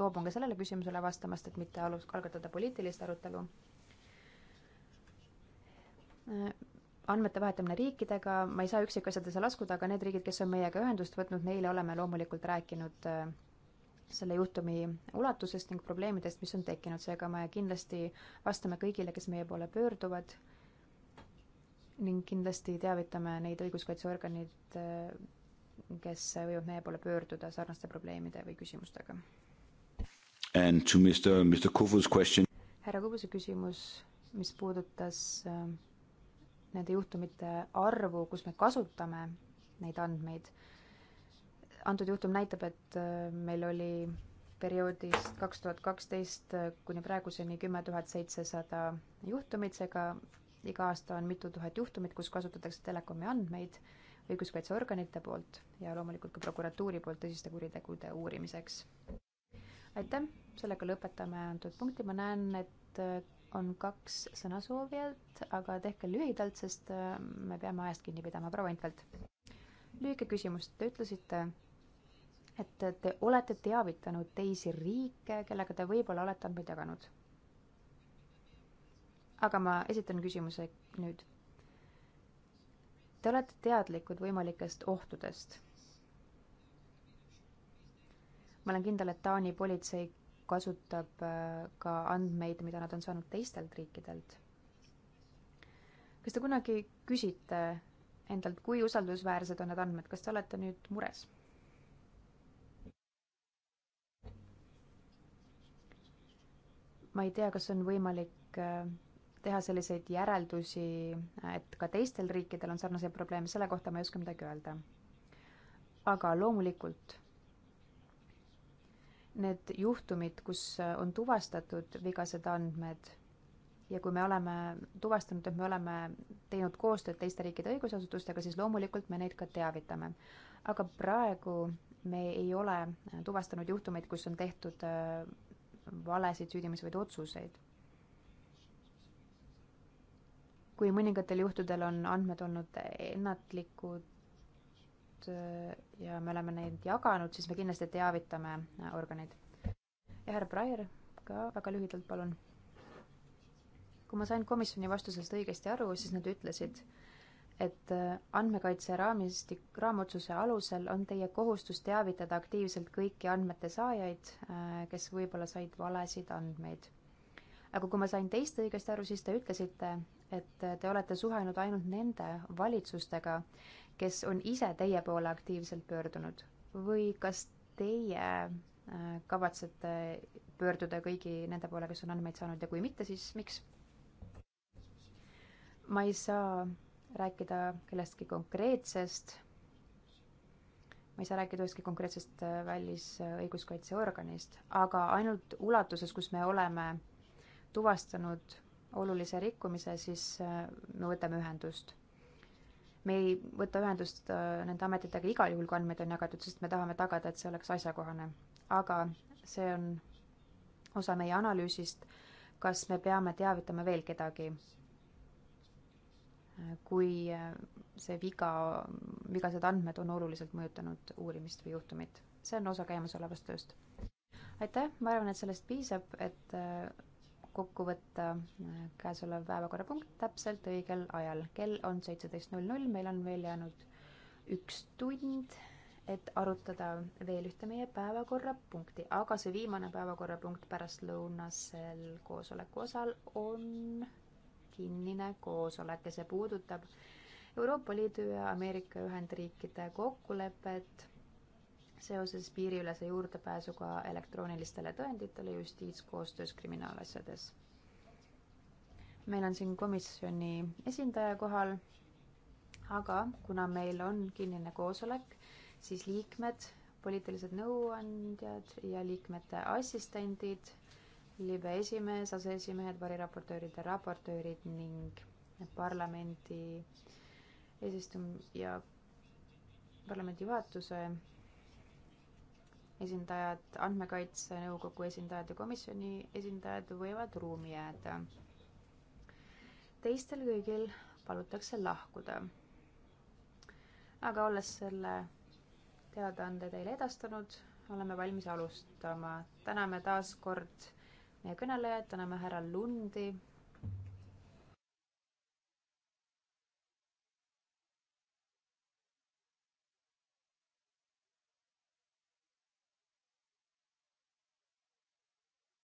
loobun ka sellele küsimusele vastamast, et mitte alus, algatada poliitilist arutelu. andmete vahetamine riikidega, ma ei saa üksikasjadesse laskuda, aga need riigid, kes on meiega ühendust võtnud, neile oleme loomulikult rääkinud äh, selle juhtumi ulatusest ning probleemidest, mis on tekkinud, seega me kindlasti vastame kõigile, kes meie poole pöörduvad ning kindlasti teavitame neid õiguskaitseorganeid, eh, kes võivad meie poole pöörduda sarnaste probleemide või küsimustega. And to Mr, Mr Kuvu's question. härra Kuvuse küsimus, mis puudutas eh, nende juhtumite arvu, kus me kasutame neid andmeid. antud juhtum näitab, et eh, meil oli perioodist kaks tuhat kaksteist kuni praeguseni kümme tuhat seitsesada juhtumit, seega iga aasta on mitu tuhat juhtumit, kus kasutatakse telekomi andmeid õiguskaitseorganite poolt ja loomulikult ka prokuratuuri poolt tõsiste kuritegude uurimiseks. aitäh, sellega lõpetame antud punkti, ma näen, et äh, on kaks sõnasoovijat, aga tehke lühidalt, sest äh, me peame ajast kinni pidama, proua Intvelt. lühike küsimus, te ütlesite, et te olete teavitanud teisi riike, kellega te võib-olla olete andmeid jaganud aga ma esitan küsimuse nüüd. Te olete teadlikud võimalikest ohtudest? ma olen kindel, et Taani politsei kasutab äh, ka andmeid, mida nad on saanud teistelt riikidelt. kas te kunagi küsite endalt, kui usaldusväärsed on need andmed, kas te olete nüüd mures? ma ei tea, kas on võimalik äh, teha selliseid järeldusi, et ka teistel riikidel on sarnaseid probleeme, selle kohta ma ei oska midagi öelda. aga loomulikult need juhtumid, kus on tuvastatud vigased andmed ja kui me oleme tuvastanud, et me oleme teinud koostööd teiste riikide õigusasutustega, siis loomulikult me neid ka teavitame. aga praegu me ei ole tuvastanud juhtumeid, kus on tehtud äh, valesid süüdimisi või otsuseid kui mõningatel juhtudel on andmed olnud ennatlikud äh, ja me oleme neid jaganud, siis me kindlasti teavitame äh, organeid. ja härra Breyer ka väga lühidalt, palun. kui ma sain komisjoni vastusest õigesti aru, siis nad ütlesid, et äh, andmekaitse raamistik, raamotsuse alusel on teie kohustus teavitada aktiivselt kõiki andmete saajaid, kes võib-olla said valesid andmeid aga kui ma sain teist õigesti aru, siis te ütlesite, et te olete suhelnud ainult nende valitsustega, kes on ise teie poole aktiivselt pöördunud või kas teie äh, kavatsete pöörduda kõigi nende poole, kes on andmeid saanud ja kui mitte, siis miks? ma ei saa rääkida kellestki konkreetsest, ma ei saa rääkida ühestki konkreetsest äh, välisõiguskaitseorganist, aga ainult ulatuses, kus me oleme tuvastanud olulise rikkumise, siis äh, me võtame ühendust. me ei võta ühendust äh, nende ametitega igal juhul, kui andmed on jagatud, sest me tahame tagada, et see oleks asjakohane. aga see on osa meie analüüsist, kas me peame teavitama veel kedagi, äh, kui see viga, vigased andmed on oluliselt mõjutanud uurimist või juhtumit. see on osa käimasolevast tööst. aitäh, ma arvan, et sellest piisab, et kokku võtta äh, käesolev päevakorrapunkt täpselt õigel ajal. kell on seitseteist null null, meil on veel jäänud üks tund, et arutada veel ühte meie päevakorrapunkti, aga see viimane päevakorrapunkt pärastlõunasel koosoleku osal on kinnine koosolek ja see puudutab Euroopa Liidu ja Ameerika Ühendriikide kokkulepet seoses piiriülese juurdepääsuga elektroonilistele tõenditele justiitskoostöös kriminaalasjades. meil on siin komisjoni esindaja kohal, aga kuna meil on kinnine koosolek, siis liikmed, poliitilised nõuandjad ja liikmete assistendid, libe esimees, aseesimehed, variraportöörid ja raportöörid ning parlamendi eesistum- ja parlamendi juhatuse esindajad, Andmekaitse Nõukogu esindajad ja komisjoni esindajad võivad ruumi jääda. teistel kõigil palutakse lahkuda. aga olles selle teadaande teile edastanud, oleme valmis alustama. täname taas kord meie kõnelejaid, täname härra Lundi